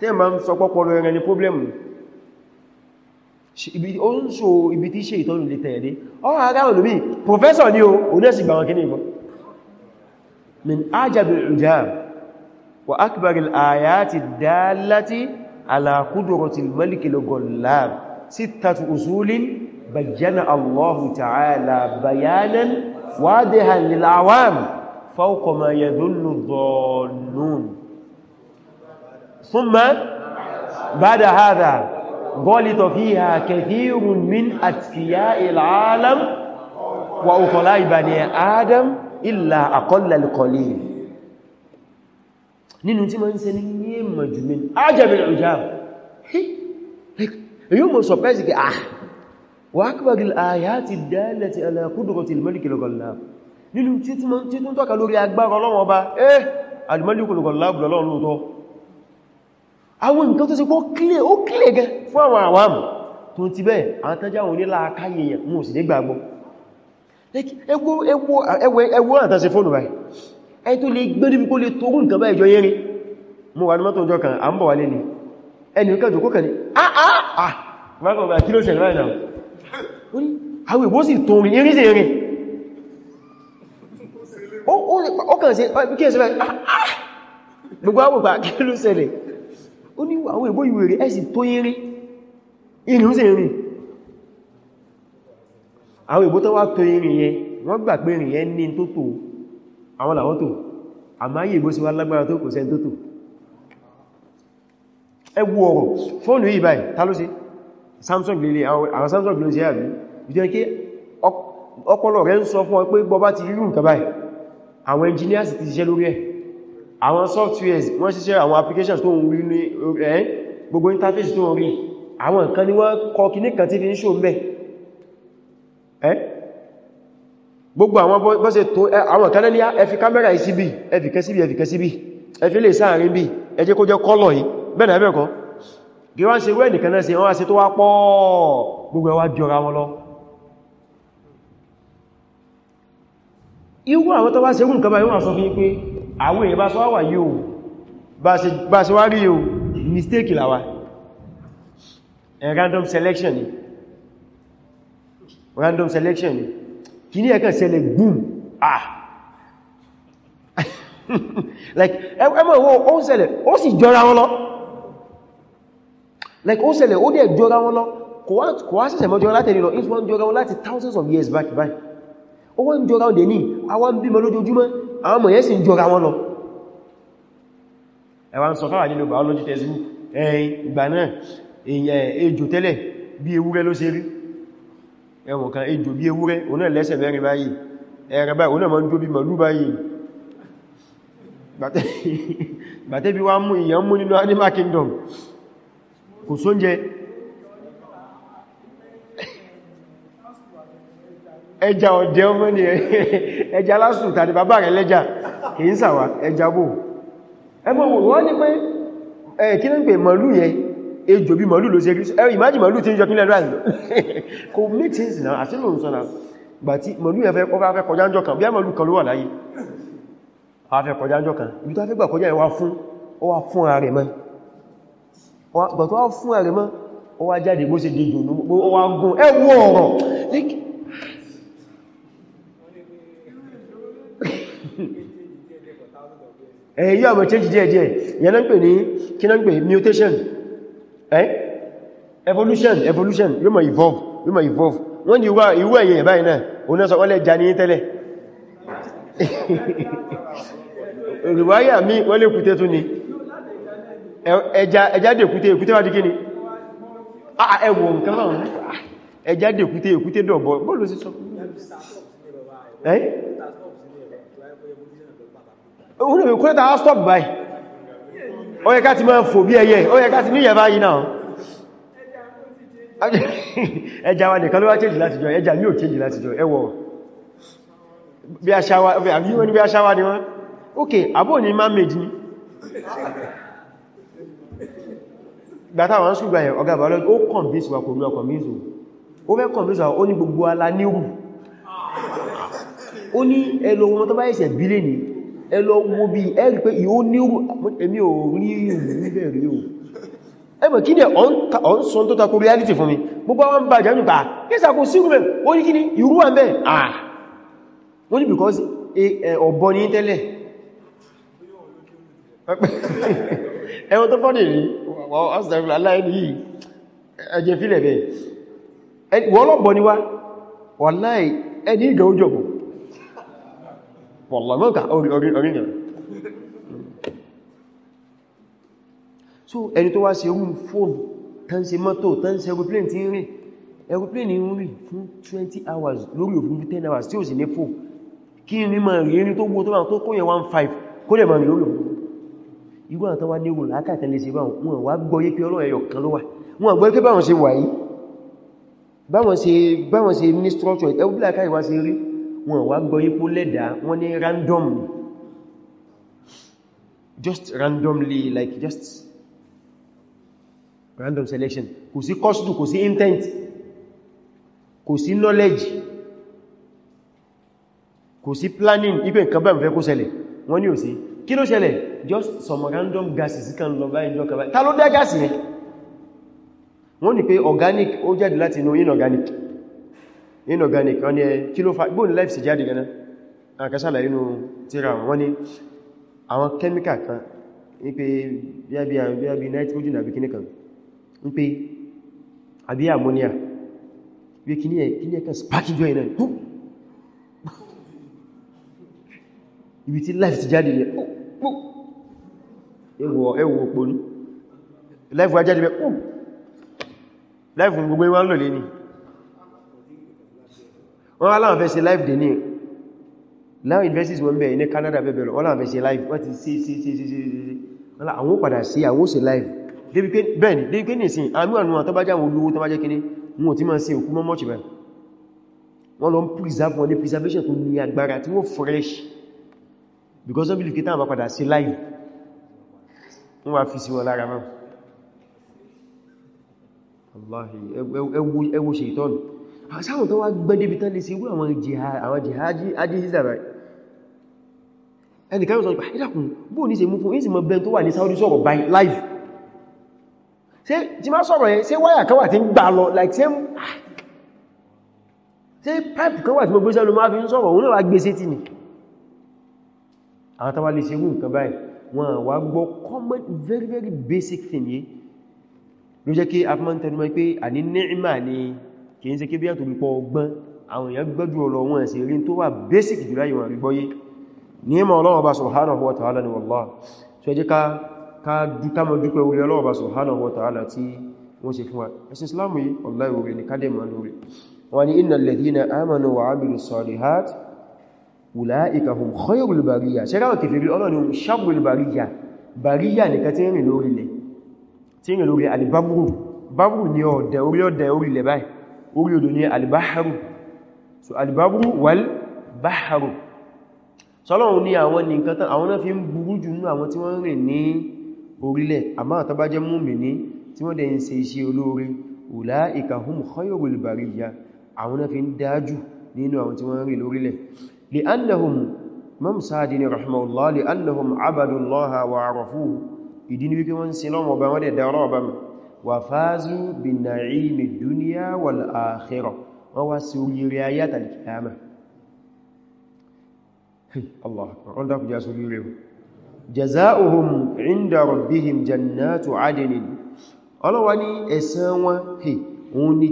tí ẹ ma ń sọ pọ́pọ̀lọ ẹran ni pọ́blẹ̀mù ó ń so ibi tí ṣe ìtọ́nù lè tẹ̀ẹ̀dé ọ́ ara olùmí professor ni o onẹ́sì gbàwọn kí ní ìbọn min ajabi al-ujab wa akbar al-ayati ad-dallati ala dhannun thumma ba'da hadha ghalita fiha kathirun min atfiya'il 'alam wa ukhala'i bani adam illa aqalla al-qalil nínú tí ma ń ṣe ní yíma jùmin ajabil ujab yíò mọ̀ sọpẹ́sì kí ah wa akbaril ayati dallati ala qudratil malikil ghallab nínú tí tí eh, ma àwọn nǹkan tó sì kó kílẹ̀ ó kílẹ̀ gẹ fún àwọn àwàmù tó ti bẹ́ẹ̀ àwọn tánjá òní láàkáyè yẹn mú sí nígbàgbọ́ ẹwọ́ àtàṣẹ fóònù rẹ̀ ẹ tó lè gbé níbi kó lè tó nǹkan bá ìjọ yẹrin mú wà ní mọ́tò ọjọ́ kan à ń bọ̀ wà lẹ́ni ẹni kẹjọ kó kẹni gbogbo àwọn òpá kí ló ṣẹlẹ̀ ó ní àwọn ìbò ìwé rẹ̀ ẹ̀sì tó yẹ́rí ìrìn ó sì rìn àwọn ìbò tó wá tó yẹ́rí yẹn wọ́n gbà pé rìn yẹn ní tó tó àwọn làwọ́ tó àmáyé ìbò sí wá lágbára tó kò sẹ́ tó tó ẹgbù ọ̀rọ̀ fóònù yìí báyìí ta ló ṣe Samsung lè àwọn Samsung ló ṣe àbí ìjọ kí ọpọlọ rẹ̀ ń sọ fún ọ pé gbọba ti rírù nǹkan báyìí àwọn engineers ti ṣiṣẹ́ àwọn softwares wọ́n ṣiṣẹ́ àwọn applications tó ń rí ní ẹ́ gbogbo interface tó ń rí àwọn nǹkan ni wọ́n kọ kì ní kan tí fi ń ṣò mẹ́ ẹ́ gbogbo àwọn bọ́sẹ̀ tó àwọn nǹkan ní ẹ fi kámẹ́rà ìsíbì ẹ fi kẹ́ síbì ẹ fi kẹ́ síbì ẹ fi lè sáàrin bí ẹ jẹ́ kó jẹ́ kọ́lọ̀ yìí bẹ́ẹ̀ náà bẹ́ẹ̀kọ́ kí wọ́n ṣe wẹ́ẹ̀nì kan náà sí wọ́n ṣe tó wá pọ̀ gbogbo ẹwà jọra wọn lọ irú àwọn tó wá ṣe gùn kan báyìí wọ́n sọ fún yí pé àwọn èyí bá sọ wà yóò bá ṣe wá rí yóò mistake làwà random selection random selection ni kí ní ẹ̀kàn ṣẹlẹ̀ boom ah like ẹmọ ìwọ ó ń ṣẹlẹ̀ ó sì jọra wọn lọ like ó ṣẹlẹ̀ ó dẹ̀ jọra wọn lọ kò wá ṣẹ̀ṣẹ̀ mọ́ jọra látẹ̀lẹ̀ lọ it's one jọra wọn láti thousands of years back back ó wọ́n jọra wọn dẹ̀ ní àwọn bímọ lójoojúmọ́ àwọn ọmọ yẹn sì ń jọra wọn lọ ẹwà ń sọ fáwà nínú biology textbook ẹ̀yìn ìgbà náà èyàn ejò tẹ́lẹ̀ bí ewúrẹ́ ló ṣe rí ẹwọ̀n kan ejò bí ewúrẹ́ oná lẹ́sẹ̀ mẹ́rin báyìí ẹ̀rẹ̀ báyìí oná máa ń jó bí màlúù báyìí gbàtẹ́bí wá mú ìyàn mú kingdom kò ẹja ọ̀dẹ́ ọmọ ni ẹja lásùn tàbí bàbá rẹ̀ lẹ́jà kìí sàwà ẹja bò ẹgbọ́n wọ́n ní pé kí ní pè màálù yẹn ejò bí màálù ló ṣe rí ẹ ìmájì màálù tí ń jọ pínlẹ̀ ráì kò meetings náà àti lòun sọ́nà gbàtí màálù yẹn fẹ́ kọjá ń jọ kan bí á màálù kan ló wà láyé a fẹ́ kọjá ń jọ kan ibi tó fẹ́ gbà kọjá ìwà fún ó wá fún ààrẹ mọ́ bọ̀tọ́ wá fún ààrẹ mọ́ ó wá jáde bó ṣe dejò ó wá gún ẹwọ́ ọ̀rọ̀ ẹ̀yí hmm. eh, ọmọ change díẹ̀ díẹ̀ yẹn náà ń pè ní kí náà ń pè mutation eh evolution evolution yóò mọ̀ evolve yóò mọ̀ evolve wọ́n ni ìwú ẹ̀yẹ ìbáyìí náà oná sọ wọ́n lẹ́ jà ní tẹ́lẹ̀ rìwáyà mi wọ́n lè kúté tún ni ẹja dèkúté èkúté wá di kí ni ẹwọ nǹkan náà ẹja dèkúté èkúté dọ̀bọ̀ bọ́ọ̀lù sí sọ eh? orí mi kúrẹ́ta á stop by ó yẹ ká ti máa fò bí ẹyẹ ó yẹ ká ti níyẹ̀ báyìí náà ẹja wa nìkan ló wá change láti jọ ẹja ní ò change láti jọ ẹwọ bí aṣáwá ni wọ́n ok àbò ní manmade ni gbàtà wọn ṣùgbà ẹ̀ ọ̀gá biology ó convince wa kò rí ọkọ̀ mìízo ó fẹ́ convince wa ó ní gbogbo ẹ lọ wo bí ẹ rí pé yóò ní èmi ò rí ìrìn níbẹ̀ rí o ẹmọ̀ kí ní ọ̀nsọ́n tó takò reality fún mi gbogbo àwọn bá jẹ́ nípa kẹsàkò sígúnmẹ̀ ó ní kí ní ìrú wà mẹ́ àà ó ní because e, ọ̀bọ ní tẹ́lẹ̀ ẹwọ tó fọ́dì rí ọ̀sán aláìní ni wá pọ̀lọ̀mọ́kà oríyàn so ẹni tó wá sí ẹrù fóònù tán ṣe mọ́tò tán ṣe aeroplane tí ń rìn aeroplane ń rìn fún 20 hours lórí òfin 10 hours tí ó sì ní fò kí ní ma rí erin tó gbó tó máa tó kóyẹ 1.5 kó lè ma rí lórí òfin irú àwọn tánwà ní ìrùn àkàtẹ́lẹ̀ sí báwọn wọn wá gbọ́ yé pé ọlọ́run ẹyọ kan ló wà wọn gbọ́ pé báwọn ṣe wà yìí báwọn ṣe ní structure ẹgbẹ́ lákàíwá ṣe rí wọn wá gbọ́ yípo lẹ́dà wọ́n ní random just randomly like just random selection kò sí custom kò sí intent kò sí knowledge kò sí planning Ipe nǹkan bá ń fẹ́ kó ṣẹlẹ̀ wọ́n ní ò sí kí ló ṣẹlẹ̀ just some random gases kan lọ bá ìjọ kàbá ta ló dá gas yẹn wọ́n ní pé organic ó jáde láti inú inorganic inu gani kan ni ki lo fa bone life si jade gana a kasa la inu tira won ni awon chemical kan ni pe bia bia bia bi nitrogen abi kini kan ni pe abi ammonia bi kini e kini kan spark join na ibi ti life si jade ni ewo ewu poni life wa jade be ku life gbogbo wa lo le ni wọ́n aláwọ̀ fẹ́ ṣe live dẹni láwọn universities wọ́n bẹ̀ ní Canada bẹ̀bẹ̀ lọ wọ́n fẹ́ ṣe live wọ́n ti sí sí sí sí sí sí àwọn padà sí àwọn ṣe live bẹ́ẹ̀ni débi pé nìsìn àmì àwọn àwọn tọ́bájá wọn olówó tọ́bájá kíní wọn ti máa ṣe òkú mọ́ mọ́ọ̀ṣì bẹ́ẹ̀ wọ́n lọ ń preserve wọn ní wọ́n fresh because wọ́n believe kíta àwọn padà sí live wọ́n wá fi sí wọn lára mọ́ ẹwọ́ ṣe ìtọ́nù sáwọn tó wá gbẹ́dẹ̀bí tán lè sí irú àwọn jihadi hizara ẹnìkan yóò sọ pé ìdàkùn bóò ní ṣe mú fún ìsìnmọ̀ bẹ́ẹ̀ tó wà ní Saudi sọ̀rọ̀ by live ṣe tí má sọ̀rọ̀ yẹn ṣe wáyà kan wà tí ń gbà lọ like same, ah, pipe kan wà tí mo gbé sẹ́lú máa fi ń sọ̀rọ̀ òun náà wá gbé ni àwọn tàwà lè ṣe irú nǹkan very very basic thing yìí ló jẹ́ kí afmọ́ntẹ́nu mọ́ pé kìí ṣe kí bí ẹ̀tò pípọ̀ ọgbọ́n àwọn èèyàn gbọ́jú ọ̀rọ̀ wọn ẹ̀sẹ̀ rí tó wà basic jùlọ ìwọ̀n rí gbọ́yé ní ẹmọ Ọlọ́run bá subhanahu wa ta'ala ni wallah so ẹ jẹ́ ká dúkámọ́ dúpẹ́ orí Ọlọ́run bá subhanahu wa ta'ala tí wọ́n ṣe fún wa ẹ̀sìn Islam yìí ọ̀lá ìwòrè ní kádẹ̀ mọ́ lórí wọ́n ni innal ladhina amanu wa amilu salihat ulaika hum ọ̀dẹ̀ orí báyìí orí odò ní albaharu so albaharu wal baharu sọ́lọ́run ní àwọn ní nǹkan tán àwọn náà fi ń burú jù nínú àwọn tí wọ́n rìn ní orílẹ̀ àmá àtàbá jẹ́ mùmínì tí wọ́n dẹ̀yìn ṣe iṣẹ́ olóore ulaika hum khayrul bariyya àwọn náà fi ń dájú wàfáàzú bí nàími dúníà wà láàkírọ̀ wọ́n wá sí oríire ayá tàbíkìyàmà Allah wọ́n dákùjá sí oríire o jazá'uhum inda rabbihim jannatu adinin ọlọ́wà ní ẹ̀san wọn òun ni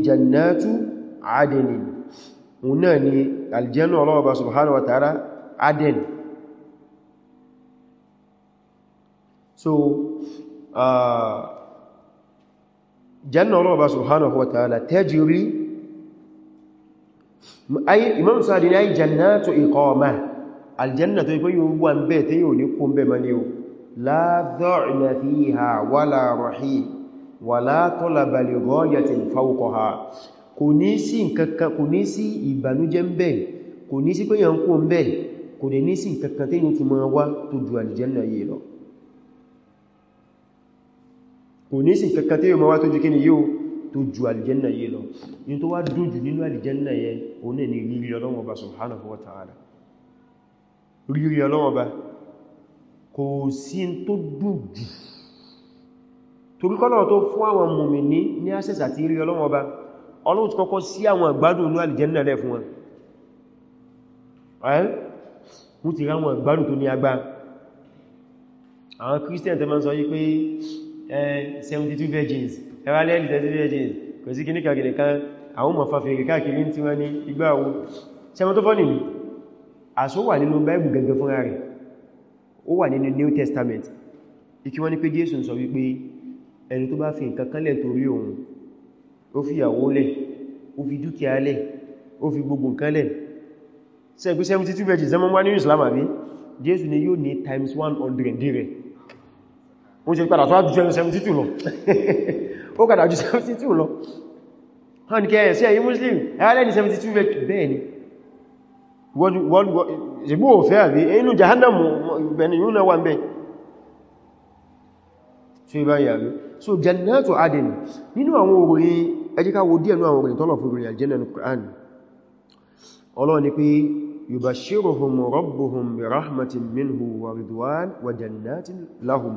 aden so uh, janna ọlọ́ọ̀bá subhanahu wa ta'ala tajri imam sáàdì ní ayi jannatu iqama aljanna tó ikọ́ yóò wà ń bẹ́ tí yóò ní kún bẹ́ mani o la dha'na fiha wala rahim wala talaba li ghayatin fawqaha kò ní sí nǹkankan kò ní sí ìbànújẹ́ ń bẹ́ kò ní sí pé yàn kún bẹ́ kò ní kò ní sí kankan tí yóò máa wá tó ju kí ni yóò tó ju aljanna yìí lọ ní tó wá dùn jù nínú aljanna yẹ o ní ní rírí Ọlọ́run Ọba subhanahu wa ta'ala rírí Ọlọ́run Ọba kò sí tó dùn jù torí kọ́lọ̀ tó fún àwọn mùmínì ní access àti rírí Ọlọ́run Ọba Ọlọ́run ti kọ́kọ́ sí àwọn àgbádùn inú aljanna lẹ́ fún wọn ní agbá àwọn Christian tẹ́ máa 72 virgins ẹwàlẹ́ 72 virgins kò sí kíníkà gẹ̀rẹ̀ kan àwọn ọmọ fàfèrè káàkiri tí wọ́n ní igbá owó sẹ́wọ́n tó fọ́nì ní àṣó wà nínú Bible gẹ́gẹ́ fúnra rẹ̀ ó wà nínú New Testament ikí wọ́n ní pé Jésù sọ wípé ẹni tó bá fi nǹkan kan lẹ̀ torí òun ó fi ìyàwó lẹ̀ ó fi dúkìá lẹ̀ ó fi gbogbo nǹkan lẹ̀ sẹ́gbẹ́ 72 virgins ẹmọ́ wá nínú Islam àbí Jésù ni yóò ní times 100 dìrẹ̀ ó ṣe padà tó á jù 72 lọ ó padà jù 72 lọ hàn kí ẹ̀yẹ̀ sí ẹ̀yí muslim ẹ̀yẹ́ ní 72 fake bẹ́ẹ̀ ni ṣègbó òfẹ́ àbí inú jahannamu ìgbẹ̀ni yíò náà wà ń bẹ́ ṣe bá yà rí so jannatu adin nínú àwọn orin ẹjíká wo díẹ̀ nú àwọn orin tọ́lọ̀ fún orin aljanna ní Qur'an Ọlọ́run ní pé yubashiruhum rabbuhum bi rahmatin minhu wa ridwan wa jannatin lahum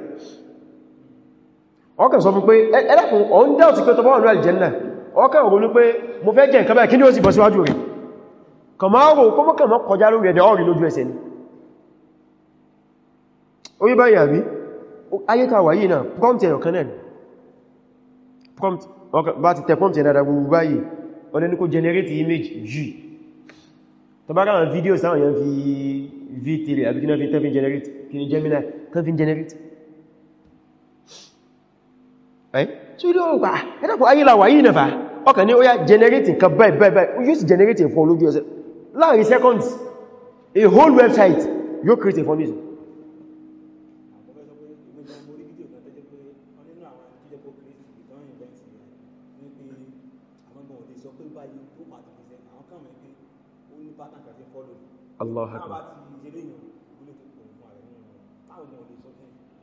ọkàn sọ fún pé ẹlẹ́kùn ọ̀n dá òtí pé tọba ọ̀nà àlìjẹ́nà ọkàn òun pé mo fẹ́ jẹ́ nǹkan báyìí kí ni ó sì bọ́ síwájú rẹ̀ kọmọ́rò kọmọ́kànmọ́ kọjá lórí ẹ̀dẹ̀ ọ̀rìn lójú ẹsẹ̀ ni orí báyìí àbí ayétàwà yìí náà prompt ẹ̀yọ̀ kan náà bá ti tẹ prompt ẹ̀dàdà gbogbo báyìí ọdẹ́ ní kó generate image yìí tọbára àwọn video sáwọn yẹn fi v3 àbí kí náà fi tẹ́fin generate kí ni Gemini tẹ́fin generate tí ó lóòrùn pàá ẹ́dàpọ̀ ayílàwà yìí nẹ̀fà ọkà ní ó yá generating kan bẹ́ẹ̀ bẹ́ẹ̀ bẹ́ẹ̀ yóò sì generating fún olójú ẹsẹ̀ láàrin seconds a whole website yóò create for news Allah akbar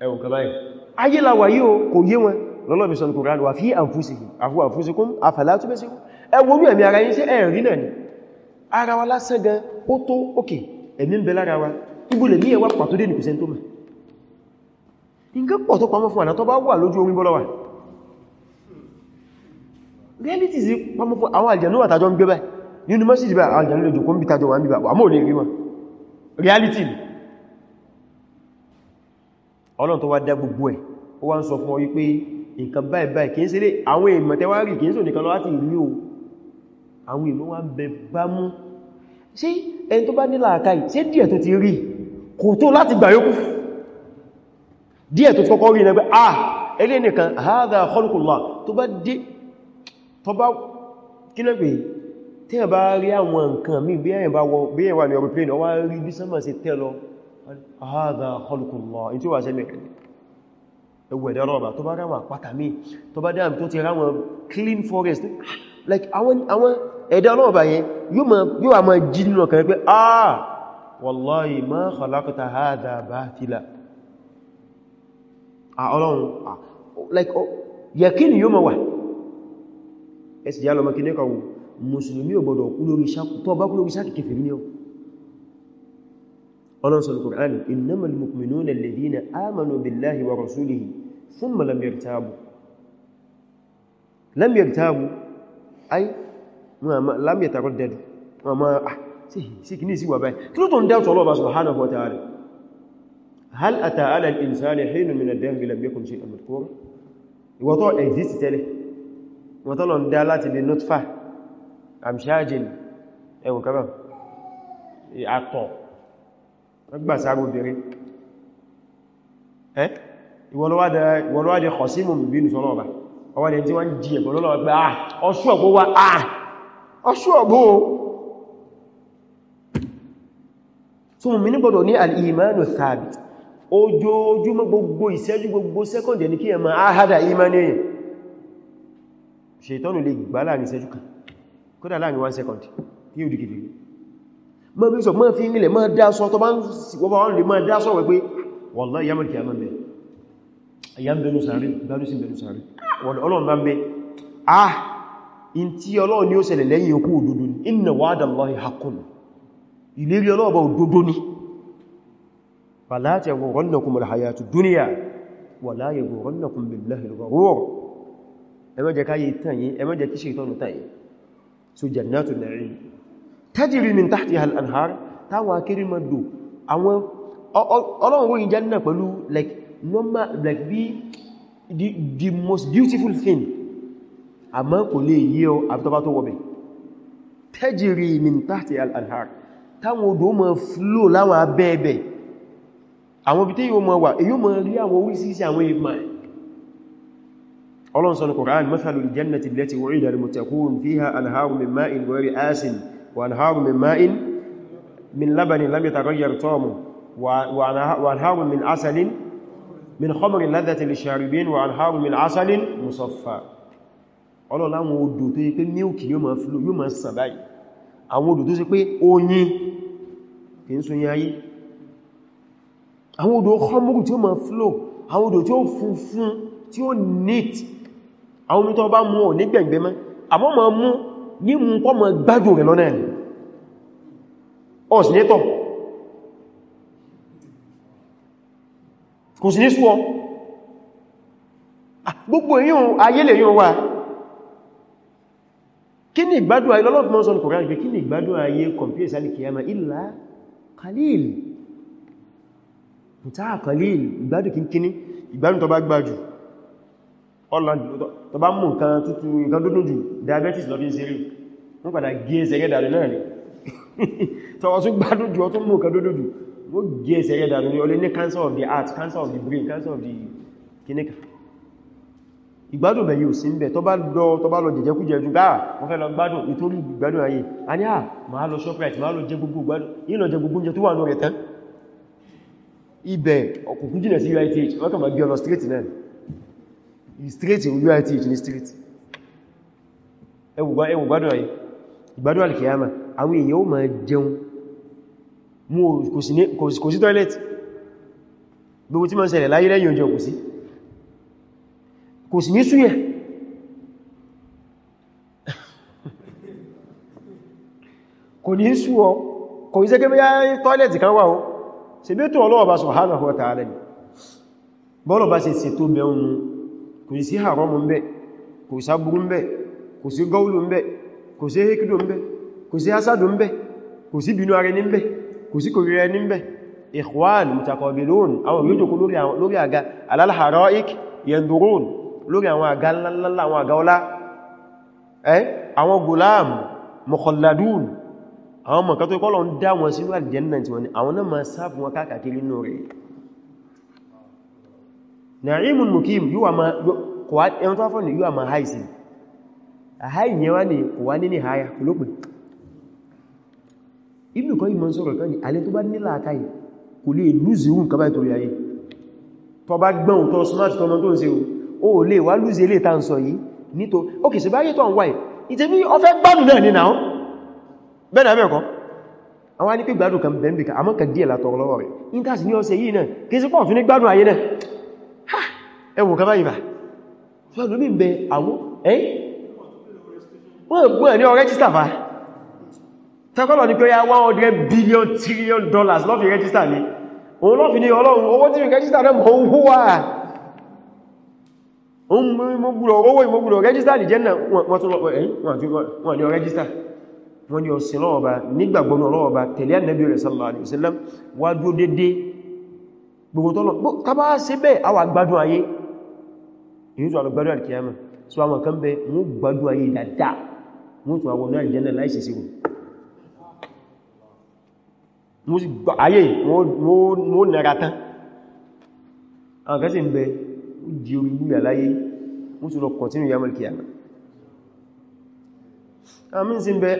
ẹwùn kan báyìí ayé làwà yìí kò yé wọn lọ́lọ́bí sọ Kùránì wà fí àfúsìkún afàlátúbẹ̀síkún ẹwọ́rú ẹ̀mí ara yín sí ẹ̀rí náà ni ara wa lásán gan ó tó òkè ẹ̀mí ń bẹ lára wa ibùlẹ̀ ní ẹwà pàtó dé nìkùsẹ́ tó mẹ́ nǹkan pọ̀ tó pamọ́ fún àná tó bá wà lójú orin bọ́lọ́wà reality sí pamọ́ fún àwọn àjẹ̀nú àtàjọ ń gbé bẹ́ ní university bá àwọn àjẹ̀nú lójú kó ń bí tajọ wà ń bí bá àmọ́ olè rí wọn reality ọlọ́run tó wá dá gbogbo ẹ̀ ó wá ń sọ fún ọ wípé nǹkan báyìí báyìí kìí ṣeré àwọn èèmọ̀ tẹwàrí kìí sọ nìkan lọ láti ìlú o àwọn èèmọ̀ wá ń bẹ bá mú sí ẹni tó bá nílà àkáì sí díẹ̀ tó ti rí kò tó láti gbà yókù díẹ̀ tó kọ́kọ́ rí ẹgbẹ́ ah ẹlẹ́ nìkan hadha khalqullah tó bá dé tó bá kí lẹ́ pé tí ẹ bá rí àwọn nǹkan mí bí ẹ̀yìn bá wọ bí ẹ̀wà ní aeroplane ọwá rí bí sánmà sí tẹ́lọ hadha khalqullah ẹwẹ̀dẹ̀ ọlọ́ọ̀bà tó bá ráwọn àpáta míì tó bá dáàmì tó ti ráwọn clean forest like àwọn ẹ̀dẹ̀ ọlọ́ọ̀bà yẹn yóò àmọ́ jí nínú ọkàn pé ah wallahi ma khalaqta hadha batila ọlọ́run like yẹ̀kín yóò mọ̀ wà ẹsì yálọ́mọ́ kí ní kọ̀wọ̀ mùsùlùmí ò gbọdọ̀ kú lórí sákì kèfèrí ní ọ ọlọ́sọ̀ al-Qur'an innamal mu'minuna alladhina amanu billahi wa rasulihi thumma lam yartabu lam yartabu ay lam yataraddadu ọmọ ah sí kìí sí wà báyìí kí ló tó ń dáàtọ̀ ọlọ́ọ̀bá subhanahu wa ta'ala hal ata ala al-insani hinun min ad-dahri lam yakun shay'an madhkura ìwọ̀tọ̀ exist tẹ́lẹ̀ wọ́n tọ́lọ̀ ń dá láti bí nutfa amshajin ẹwùn kaban àtọ̀ wọ́n gbà sára obìnrin ẹ́ ìwọ̀lọ́wádẹ kọ̀símù bínú sọ́lọ́ ọba ọwádẹ tí wọ́n ń jí ẹ̀bọ̀ lọ́lọ́ pé ah ọṣù ọ̀gbó wá ah ọṣù ọ̀gbó tún mi ní gbọdọ̀ ní al-imanu thabit ojoojúmọ́ gbogbo ìṣẹ́jú gbogbo sẹ́kọ̀ndì ní kí ẹ ma áhádà ìmáni ṣètọ́nù lè gbà láàrin ìṣẹ́jú kan kódà láàrin mọ́ bí sọ mọ́ fi nílẹ̀ mọ́ dá sọ tó bá ń wọ́pá wọ́n lè mọ́ dá sọ wẹ́ pé wallahi yamọ̀kì àmọ́bẹ̀ àyàmbẹ̀nù sàárì gbádùsí bẹ̀nù sàárì ọlọ́run bá ń bẹ ah in tí ọlọ́run ni ó ṣẹlẹ̀ lẹ́yìn okú òdodo ni inna wa'da Allahi haqqun ìlérí ọlọ́run bá òdodo ni fala taghurrannakum al-hayatu dunya wala yaghurrannakum billahi al-ghurur ẹ má jẹ́ káyé tàn yín ẹ má jẹ́ kí ṣe ìtọ́nù tàn yín so jannatu na'im tajiri min tahtiha al-anhar táwọn akéré ma dò àwọn ọlọ́run ròyìn Jannah pẹ̀lú like normal like bí the, the most beautiful thing àmọ́ kò lè yí ọ àbútọ́bá tó wọ́bẹ̀ tajiri min tahtiha al-anhar táwọn odò ma flow láwọn abẹ́ẹ̀bẹ̀ àwọn bí tí yíò ma wà èyí ma rí àwọn orísìísí àwọn ìmọ̀ ọlọ́run sọ ní Qur'an mathalul jannati allati wu'ida al-muttaqun fiha anharun min ma'in ghayri asin وأنهار من ماء من لبن لم يتغير طعمه وأنهار من عسل من خمر لذة للشاربين وأنهار من عسل مصفى ọlọ́run láwọn odò tó yí pé milk yóò máa flow yóò máa sàn báyìí àwọn odò tó sì pé oyin kì ń sunyin ayé àwọn odò khamru tí ó máa flow àwọn odò tí ó funfun tí ó neat àwọn omi tó bá mú ọ̀ nígbẹ̀gbẹ̀ mẹ́ àmọ́ máa mú ní mú pọ́mọ gbádùn rẹ̀ lọ́nà ẹ̀ ọ̀sìnétọ̀ kò sí ní súwọ́ ah, gbogbo èyàn ayé lè yíò wà kí ni ìgbádùn ayé lọ́lọ́fún mọ́ sọ́nà kòrán ìgbé kí ni ìgbádùn ayé kọmpíẹ̀ sálì kìyàmà ìlà kàlíl ìgbádùn kínkíní ìgbádùn tó bá gbájú holland tó bá mú nǹkan tútù nǹkan dúdú jù diabetes lọ fi ń ṣeré wọ́n padà gé ẹsẹ̀ rẹ̀ dànù náà ni tọwọ́ tún gbádùn jù ọtún mú nǹkan dúdú jù ó gé ẹsẹ̀ rẹ̀ dànù ní ọlé ní cancer of the heart cancer of the brain cancer of the kidney ìgbádùn bẹ̀ yóò sí ń bẹ̀ tó bá lọ tó bá lọ jẹjẹ kú jẹjú gáà wọ́n fẹ́ lọ gbádùn nítorí ìgbádùn ayé a ní à ah, máa lọ shoprite máa lọ jẹ gbogbo gbádùn yìí lọ jẹ gbogbo oúnjẹ tó wà ní ọ̀rẹ̀ tán ibẹ̀ ọkùnkùn jìnà sí uith wọ́n kàn máa gbé ọlọ straight náà straight UIT ní straight ẹwù gbádùn ayé ìgbádùn alìkìyàmà àwọn èèyàn ó máa jẹun mú kò sí toilet gbogbo tí ma ń ṣẹlẹ̀ láyé lẹ́yìn ọjọ́ kò sí kò ní súyẹ̀ kò ní ọ kò ní sẹ́kẹ́ bí toilet kan wà ó ṣe tó ọlọ́ọ̀bá ṣètò bẹ̀rún kò sí haramu ń bẹ kò sáburú ń bẹ kò sí gọ́ọ̀lù ń bẹ kò sí hekido ń kò sí hasadu ń kò sí bínú ara ní kò sí kòrìrẹ ní ń bẹ ikhwan àwọn alal haraik yandurun lórí àwọn àga ńlá àwọn eh àwọn gulam mukhalladun àwọn mọ̀kátó kọ́lọ̀ ń dá ni àwọn náà ma sáàbùn wọn káàkiri nínú rẹ̀ na'imun mukim yíwa ma ẹ̀wọ̀n tó fọ́nà yíwa ma haisi àháì yẹn wá ní kòwá ní ní àyà kòlópè Ibn Qayyim ń sọ̀rọ̀ kan ní alẹ́ tó bá nílà àkáyì kò lè lúzi ohun kaba ìtorí ayé tó bá gbọ́n tó smart tọmọ tó ń ṣe o lè wá lúzi ilé ta ń sọ yìí nítò ókè sí báyé tó ń wáyé ìtẹ́ bí ọfẹ́ gbádùn náà ní náà bẹ́ẹ̀ abẹ́ẹ̀kọ́ àwọn ní pé gbádùn kan bẹ̀m̀bìkà àmọ́ kà díẹ̀ látọ̀rọ̀ lọ́wọ́ rẹ̀ intas ní ọ̀sẹ̀ yìí náà kí sí pọ̀ tún ní gbádùn ayé náà ẹwù kaba ìbà fún ẹlòmí ń bẹ àwọn ẹ́yí wọ́n gbọ́n ní ọ̀rẹ́jísítà fa tẹ́kọ́lọ̀ ní pé ya 100 billion trillion dollars lọ́fi rẹ́jísítà ní òun lọ́fi ní ọlọ́run owó tí rẹ́jísítà náà mọ̀ owó wà owó ìmọ̀gbùrọ̀ rẹ́jísítà ní jẹ́nà wọ́n ní ọ̀rẹ́jísítà wọ́n ní ọ̀sìn lọ́wọ́ba nígbàgbọ́nù ọlọ́wọ́ba tẹ̀lé ànẹ́bí rẹ̀ sallallahu alaihi wasallam wá dúó dédé gbogbo tọ́lọ̀ tàbá sí bẹ́ẹ̀ àwà gbádùn ayé yóò tún àlọ́gbádùn àkíyàmà so àwọn kan bẹ wọ́n gbádùn ayé dáadáa wọ́n tún àwọn náà jẹ́nà láìsí sí wọn ayé wọ́n nara tán àwọn kan sì ń bẹ ó di orí gbúyà láyé wọ́n tún lọ kọ̀tínú yàmà kíyàmà àmín sí bẹ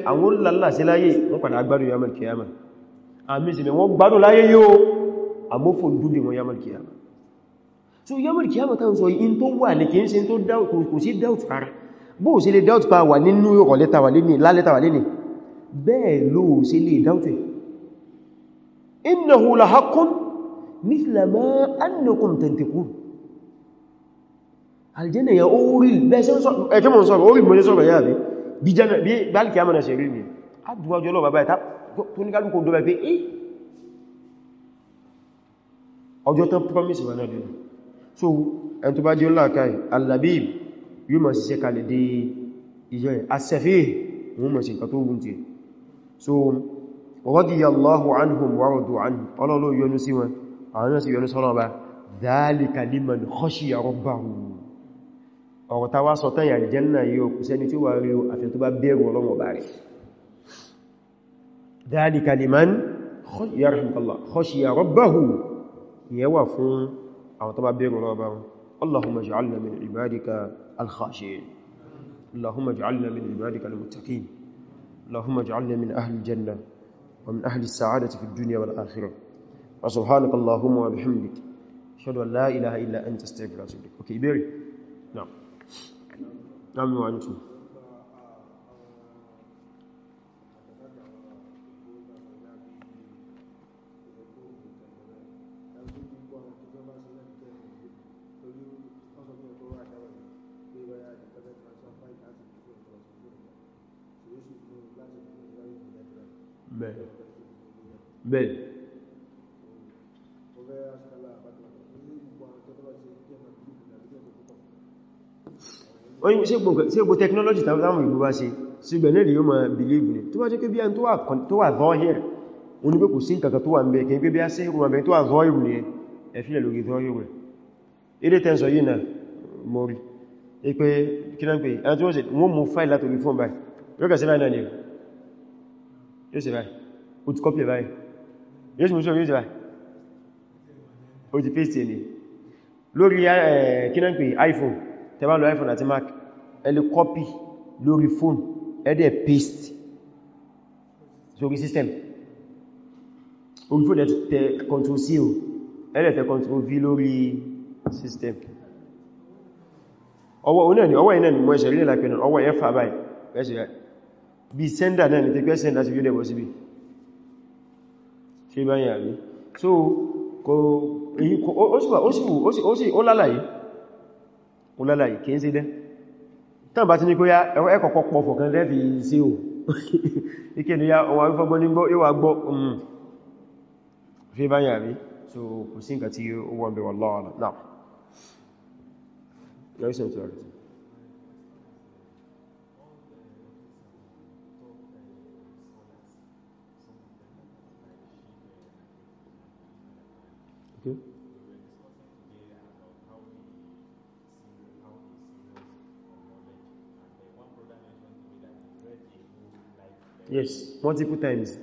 àwọn so yawon kiyama ta sọ in tó wà ní kìí ṣe tó doubt kò sí doubt ara bó ṣe lè doubt pa wà nínú ọ̀rọ̀ lẹ́ta wà lẹ́ni lálẹ́ta wà lẹ́ni bẹ́ẹ̀ ló ṣe lè doubt ẹ̀ innahu lahaqqun mithla ma annakum tantiqun aljanna tó promise wà náà dùn so ẹn tó bá jẹ́ láàkáì al-labib yóò mọ̀ síṣẹ́ kalẹ̀ dé ìjọ ẹ̀ as-safih wọ́n mọ̀ sí nǹkan tó gùn tí so radiyallahu anhum wa radu anhu ọlọ́lọ́ yọ́nú sí wọn àwọn náà sì yọ́nú sọ́nà bá dhalika liman khashiya rabbahu ọ̀rọ̀ ta wá sọ tán yàrí jẹ́nà yóò kù sẹ́ni tí ó wà rí o àfi tó bá bẹ̀rù ọlọ́wọ̀ bá rẹ̀ dhalika liman khashiya rabbahu yẹ wà àwọn tó bá bẹ̀rù ọba wọn allahumma ja'alna min ibadika al-khashi'in allahumma ja'alna min ibadika al-muttaqin allahumma ja'alna min ahli al-janna wa min ahli as-sa'adati fi ad-dunya wal akhirah wa subhanaka allahumma wa bihamdik ashhadu la ilaha illa anta astaghfiruka wa atubu ilaik okay iberi na'am na'am wa antum bẹ́ẹ̀ bẹ́ẹ̀. oyin ṣe gbò technology tàbí ìgbò bá ṣe sígbẹ̀ lè yíò máa believe ní tó wá jẹ́ pé bí i tó wà zọ́hìr oní pé kò sí nǹkankan tó wà ń bẹ kí n pé bí i ṣe ìrùn àbẹ̀ tó wà zọ́hìr ní ẹ̀fílẹ̀ lórí zọ́hìr rẹ̀ ilé tẹ́ǹsọ̀ yìí na mọ́rí pé kí náà pé ẹni tí wọ́n mú fáìlì látòrí fún yóò ṣe báyìí ó ti kọ́pì báyìí yóò ṣe mú sọ́rọ̀ yóò ṣe báyìí ó ti paste ní lórí eh, kínan pé iPhone tẹ́bá lo iPhone àti Mac ẹ lè kọ́pì lórí phone ẹ dẹ̀ paste sórí system orí phone tẹ Ctrl C o ẹ dẹ̀ tẹ Ctrl V lórí system ọwọ́ onáà ni ọwọ́ iná ni mọ́ ẹ̀ṣẹ̀ rí lápẹ́ ọwọ́ ẹ̀fà báyìí bí sẹ́ndà náà ni tẹ́kẹ́ sẹ́ndà sí fílẹ̀ bọ́ síbí ṣe bá yà rí so kò èyí kò ó sì wà ó sì wù ó sì ó lálàyé ó lálàyé kì í sí dẹ́ tán bá ti ní kó yá ẹ̀rọ pọ̀ fọ̀kan lẹ́fì sí o ike ni ya ọwà fọ́gbọ́ ní gbọ́ ìwà gbọ́ mm. ṣe so kò sí nǹkan tí ó wọ́n bẹ̀rọ̀ lọ́wọ́ Yes, multiple times.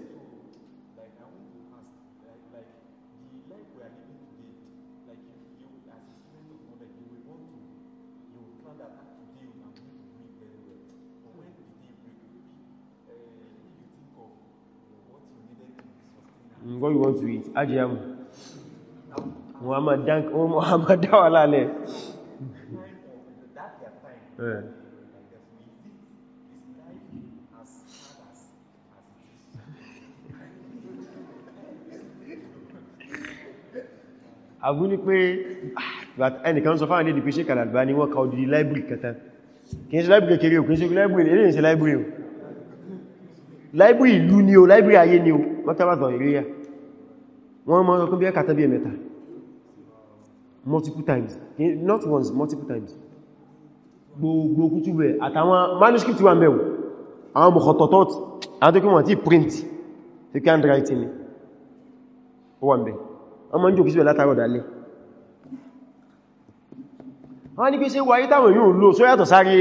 what you mm, want to eat? Ajiyam. Muhammad Dank, oh Muhammad Dawala. That their time. agún ní pé ah, ẹnìkan sọ fáwọn ìdíkù Sheikh Al-Albani wọ́n ká odidi library kẹta kìí ṣe library kéré o kìí ṣe library eléyìn ṣe library o library ìlú ni o library ayé ni o mọ́tàbàtàn ìrìyà wọ́n mọ́ ọkùn bí ẹkàtà bí ẹmẹ́ta multiple times not once multiple times gbogbo kútùbù ẹ̀ àtàwọn manuscript wà mẹ́wọ̀ àwọn mọ̀kọ̀tọ̀tọ̀ àtọ́kùnwọ̀n tí print tí write ni ó wà mẹ́wọ̀ ọmọ jò kìí látàrọ̀ wọ́n ní pé ṣe wáyé táwọn yóò lò só yàtọ̀ sáré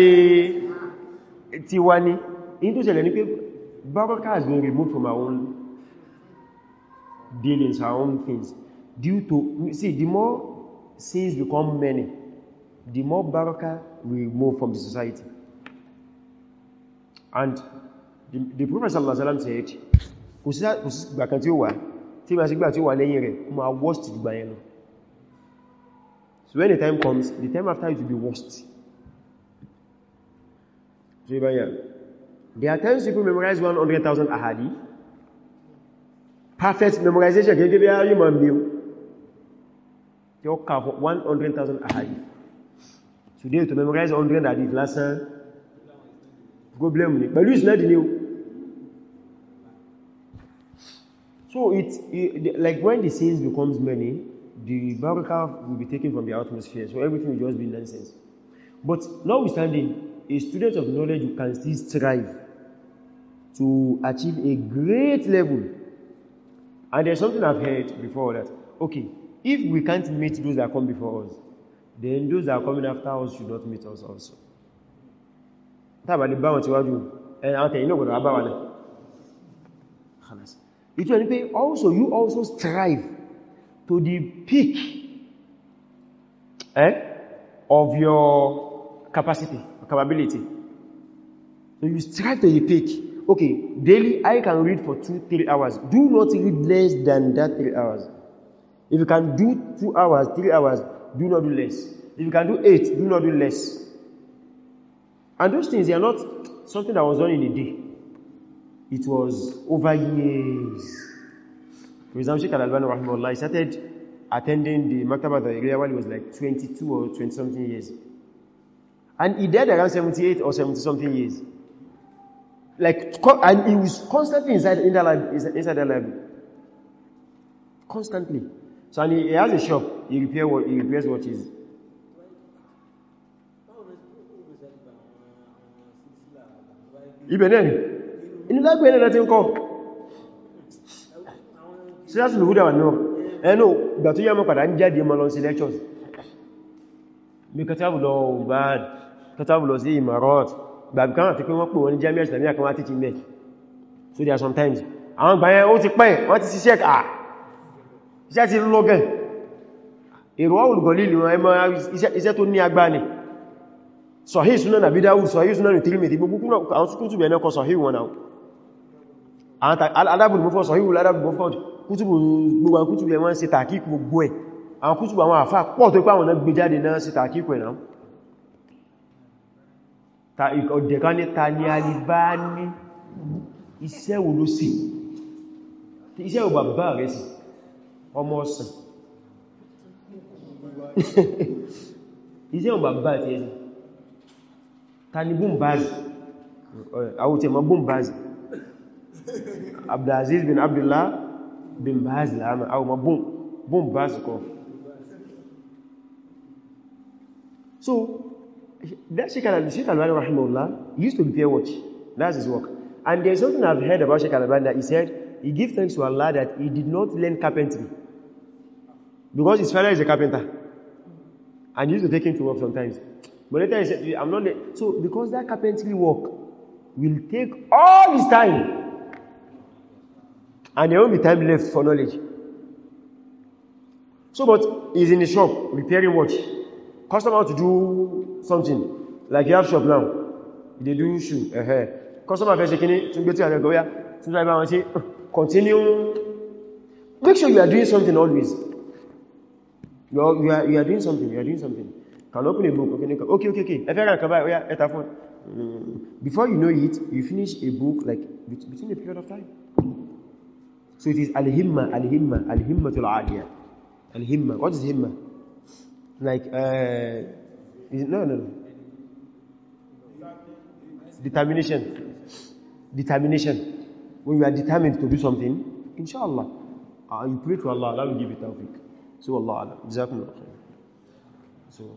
tí wá ní in tó ṣẹlẹ̀ ní pé baraka has been removed from our own dealings our own things due to see the more sins become many the more baraka we remove from the society and the, the prophet sallallahu alaihi wasallam said kò sí gbàkan tí ó wà tí bá sí gbà tí wà lẹ́yìn rẹ̀ o máa worst gbà yẹn lọ so when the time comes the time after it will be worst so ibá there are times people memorize 100,000 ahadi perfect memorization gẹ́gẹ́ bí ayé ma mil tí ó kà fún 100,000 ahadi today to memorize 100 ahadi lásán problem ni pẹ̀lú ìsinadi ni o So it's it, like when the sins becomes many, the barakah will be taken from the atmosphere. So everything will just be nonsense. But notwithstanding, a student of knowledge can still strive to achieve a great level. And there's something I've heard before that, okay, if we can't meet those that come before us, then those that are coming after us should not meet us also. Tábàlì bá wọn ti wájú, ẹ̀yà àtẹ̀yìn náà gbọdọ̀ abáwà náà. Khalas ìtú ẹni pé also you also strive to the peak eh, of your capacity or capability so you strive to the peak okay daily I can read for two three hours do not read less than that three hours if you can do two hours three hours do not do less if you can do eight do not do less and those things they are not something that was done in a day it was over years. For example, Sheikh Al-Albani rahimahullah, he started attending the Maktaba Tahiriyya while he was like 22 or 20 something years. And he died around 78 or 70 something years. Like, and he was constantly inside, in that lab, inside the library. Constantly. So, and he, he has a shop. He, repair what, he repairs what is. náà ni, inú lágbé ẹ̀nà tí ń kọ́ sílásì lòhúdà wà náà ẹnu ìgbà tó yá mọ́ padà ń jáde mọ́ lọ sí lectures bí kátàbù lọ Ubad kátàbù lọ sí Imarat gbàbí kan àti pé wọ́n pè wọ́n ní jami'a islamiyya kan sometimes àwọn gbà yẹn ó ti pẹ́ wọ́n ti ṣiṣẹ́ à ni wọ́n ẹmọ iṣẹ́ tó ní agbá ni sọ̀hí sunan àbídáwù sọ̀hí sunan tìrìmìtì gbogbo àwọn sukútù bẹ̀ẹ́ náà kọ sọ̀hí wọn náà alábùn mú fọ́n sọ̀híwò alábùn mú fọ́n kútùbù gbogbo àwọn kútùbù ẹ̀wọ́n ṣe tàkíkù gbogbo ẹ̀ àwọn kútùbù àwọn àfá pọ̀ tó pàwọn náà gbé jáde náà ṣe tàkíkù ẹ̀ náà ọ̀dẹ̀kan ní ta ní alìbá ní iṣẹ́ wo ló sì iṣẹ́ wo bàbá rẹ̀ sí ọmọ ọ̀sán iṣẹ́ wo bàbá ti ẹni ta ní bùnbáàzì àwòtẹ̀mọ́ bùnbáàzì abdulaziz bin abdullah bin baz lánà àwọn ọmọ boom, baz kọ so that Sheikh Al-Albani rahimahullah used to repair watch that's his work and there's something I've heard about Sheikh Al-Albani that he said he give thanks to Allah that he did not learn carpentry because his father is a carpenter and he used to take him to work sometimes but later he said I'm not so because that carpentry work will take all his time and there won't be time left for knowledge so but he's in the shop repairing watch customer to do something like you have shop now they do shoe uh -huh. customer first, you kíní tún gbé tí àrẹ gọ́yá tún láì continue make sure you are doing something always you are, you are, you are doing something you are doing something can open a book okay okay okay, okay. ẹ fẹ́ ra nǹkan báyìí ó yá ẹta mm. before you know it you finish a book like between a period of time So it is al-himma, al-himma, al himma to Al-himma. What is himma? Like, uh, is, no, no, no. Determination. Determination. When you are determined to do something, inshallah, uh, you pray to Allah, Allah will give you tawfiq. So Allah, Jazakumullah khair. So,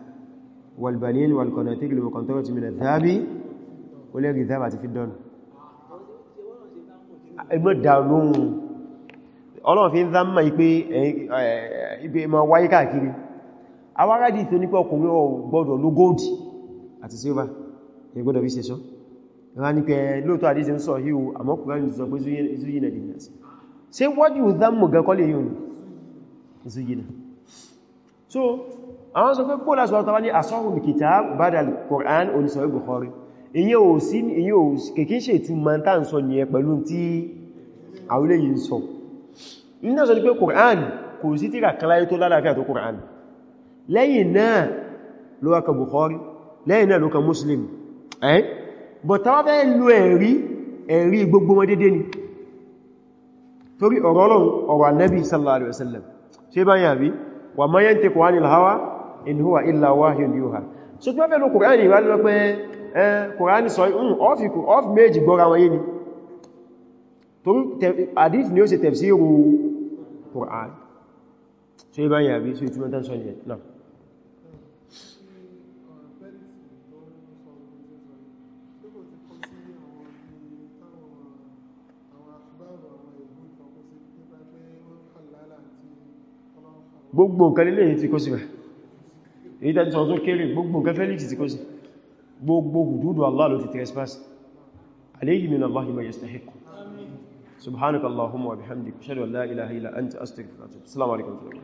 والبنين والقناطير المقنطرة من الذهب ولغير الذهب àti fiddan ẹgbẹ́ dàlóhun ọlọ́run fi ń zá mọ́ ipé ibẹ̀ ma wáyé káàkiri awárádìí tó nípa ọkùnrin ọ gbọ́dọ̀ ló góòdì àti silver ẹgbọ́dọ̀ fi ṣe sọ rá ní pé lóòtọ́ àdíṣẹ́ ń sọ híò àmọ́kùnrin sọ pé zúyìnà dìnnà sí àwọn sọ pé kó lásọ ọ̀tọ́ wáyé asọ́hùn kitab badal Qur'an onísọ̀rí Bukhari iye ò sí iye ò kèkí ṣe tí ma ta ń sọ ní ẹ pẹ̀lú tí àwílé yìí sọ iná sọ ní pé Qur'an kò sí tíra kaláyé tó lálàáfíà tó Qur'an lẹ́yìn náà ló wákà Bukhari lẹ́yìn náà ló ka Muslim ẹ́ bọ̀ ta wá fẹ́ lo wa ma yantiqu anil in huwa illa wahyun yuha so tó fẹ́ lo kùránì wà lọ pé kùránì sọ ọ́fìkù hmm, ọ́f méjì gbọ́ra wọn yé ni torí hadith ni ó ṣe tafsiru kùránì so ibá yàbí so ìtumọ̀ tán sọ yẹ náà gbogbo nǹkan lílé yìí tí kó síbẹ̀ èyí tẹ́ sọ tó kéré gbogbo nǹkan felix ti kó sí gbogbo hududu allah ló ti trespass alayhi min allah ma yastahiq subhanakallahumma wa bihamdika ashhadu an la ilaha illa anta astaghfiruka wa atubu ilaik assalamu alaikum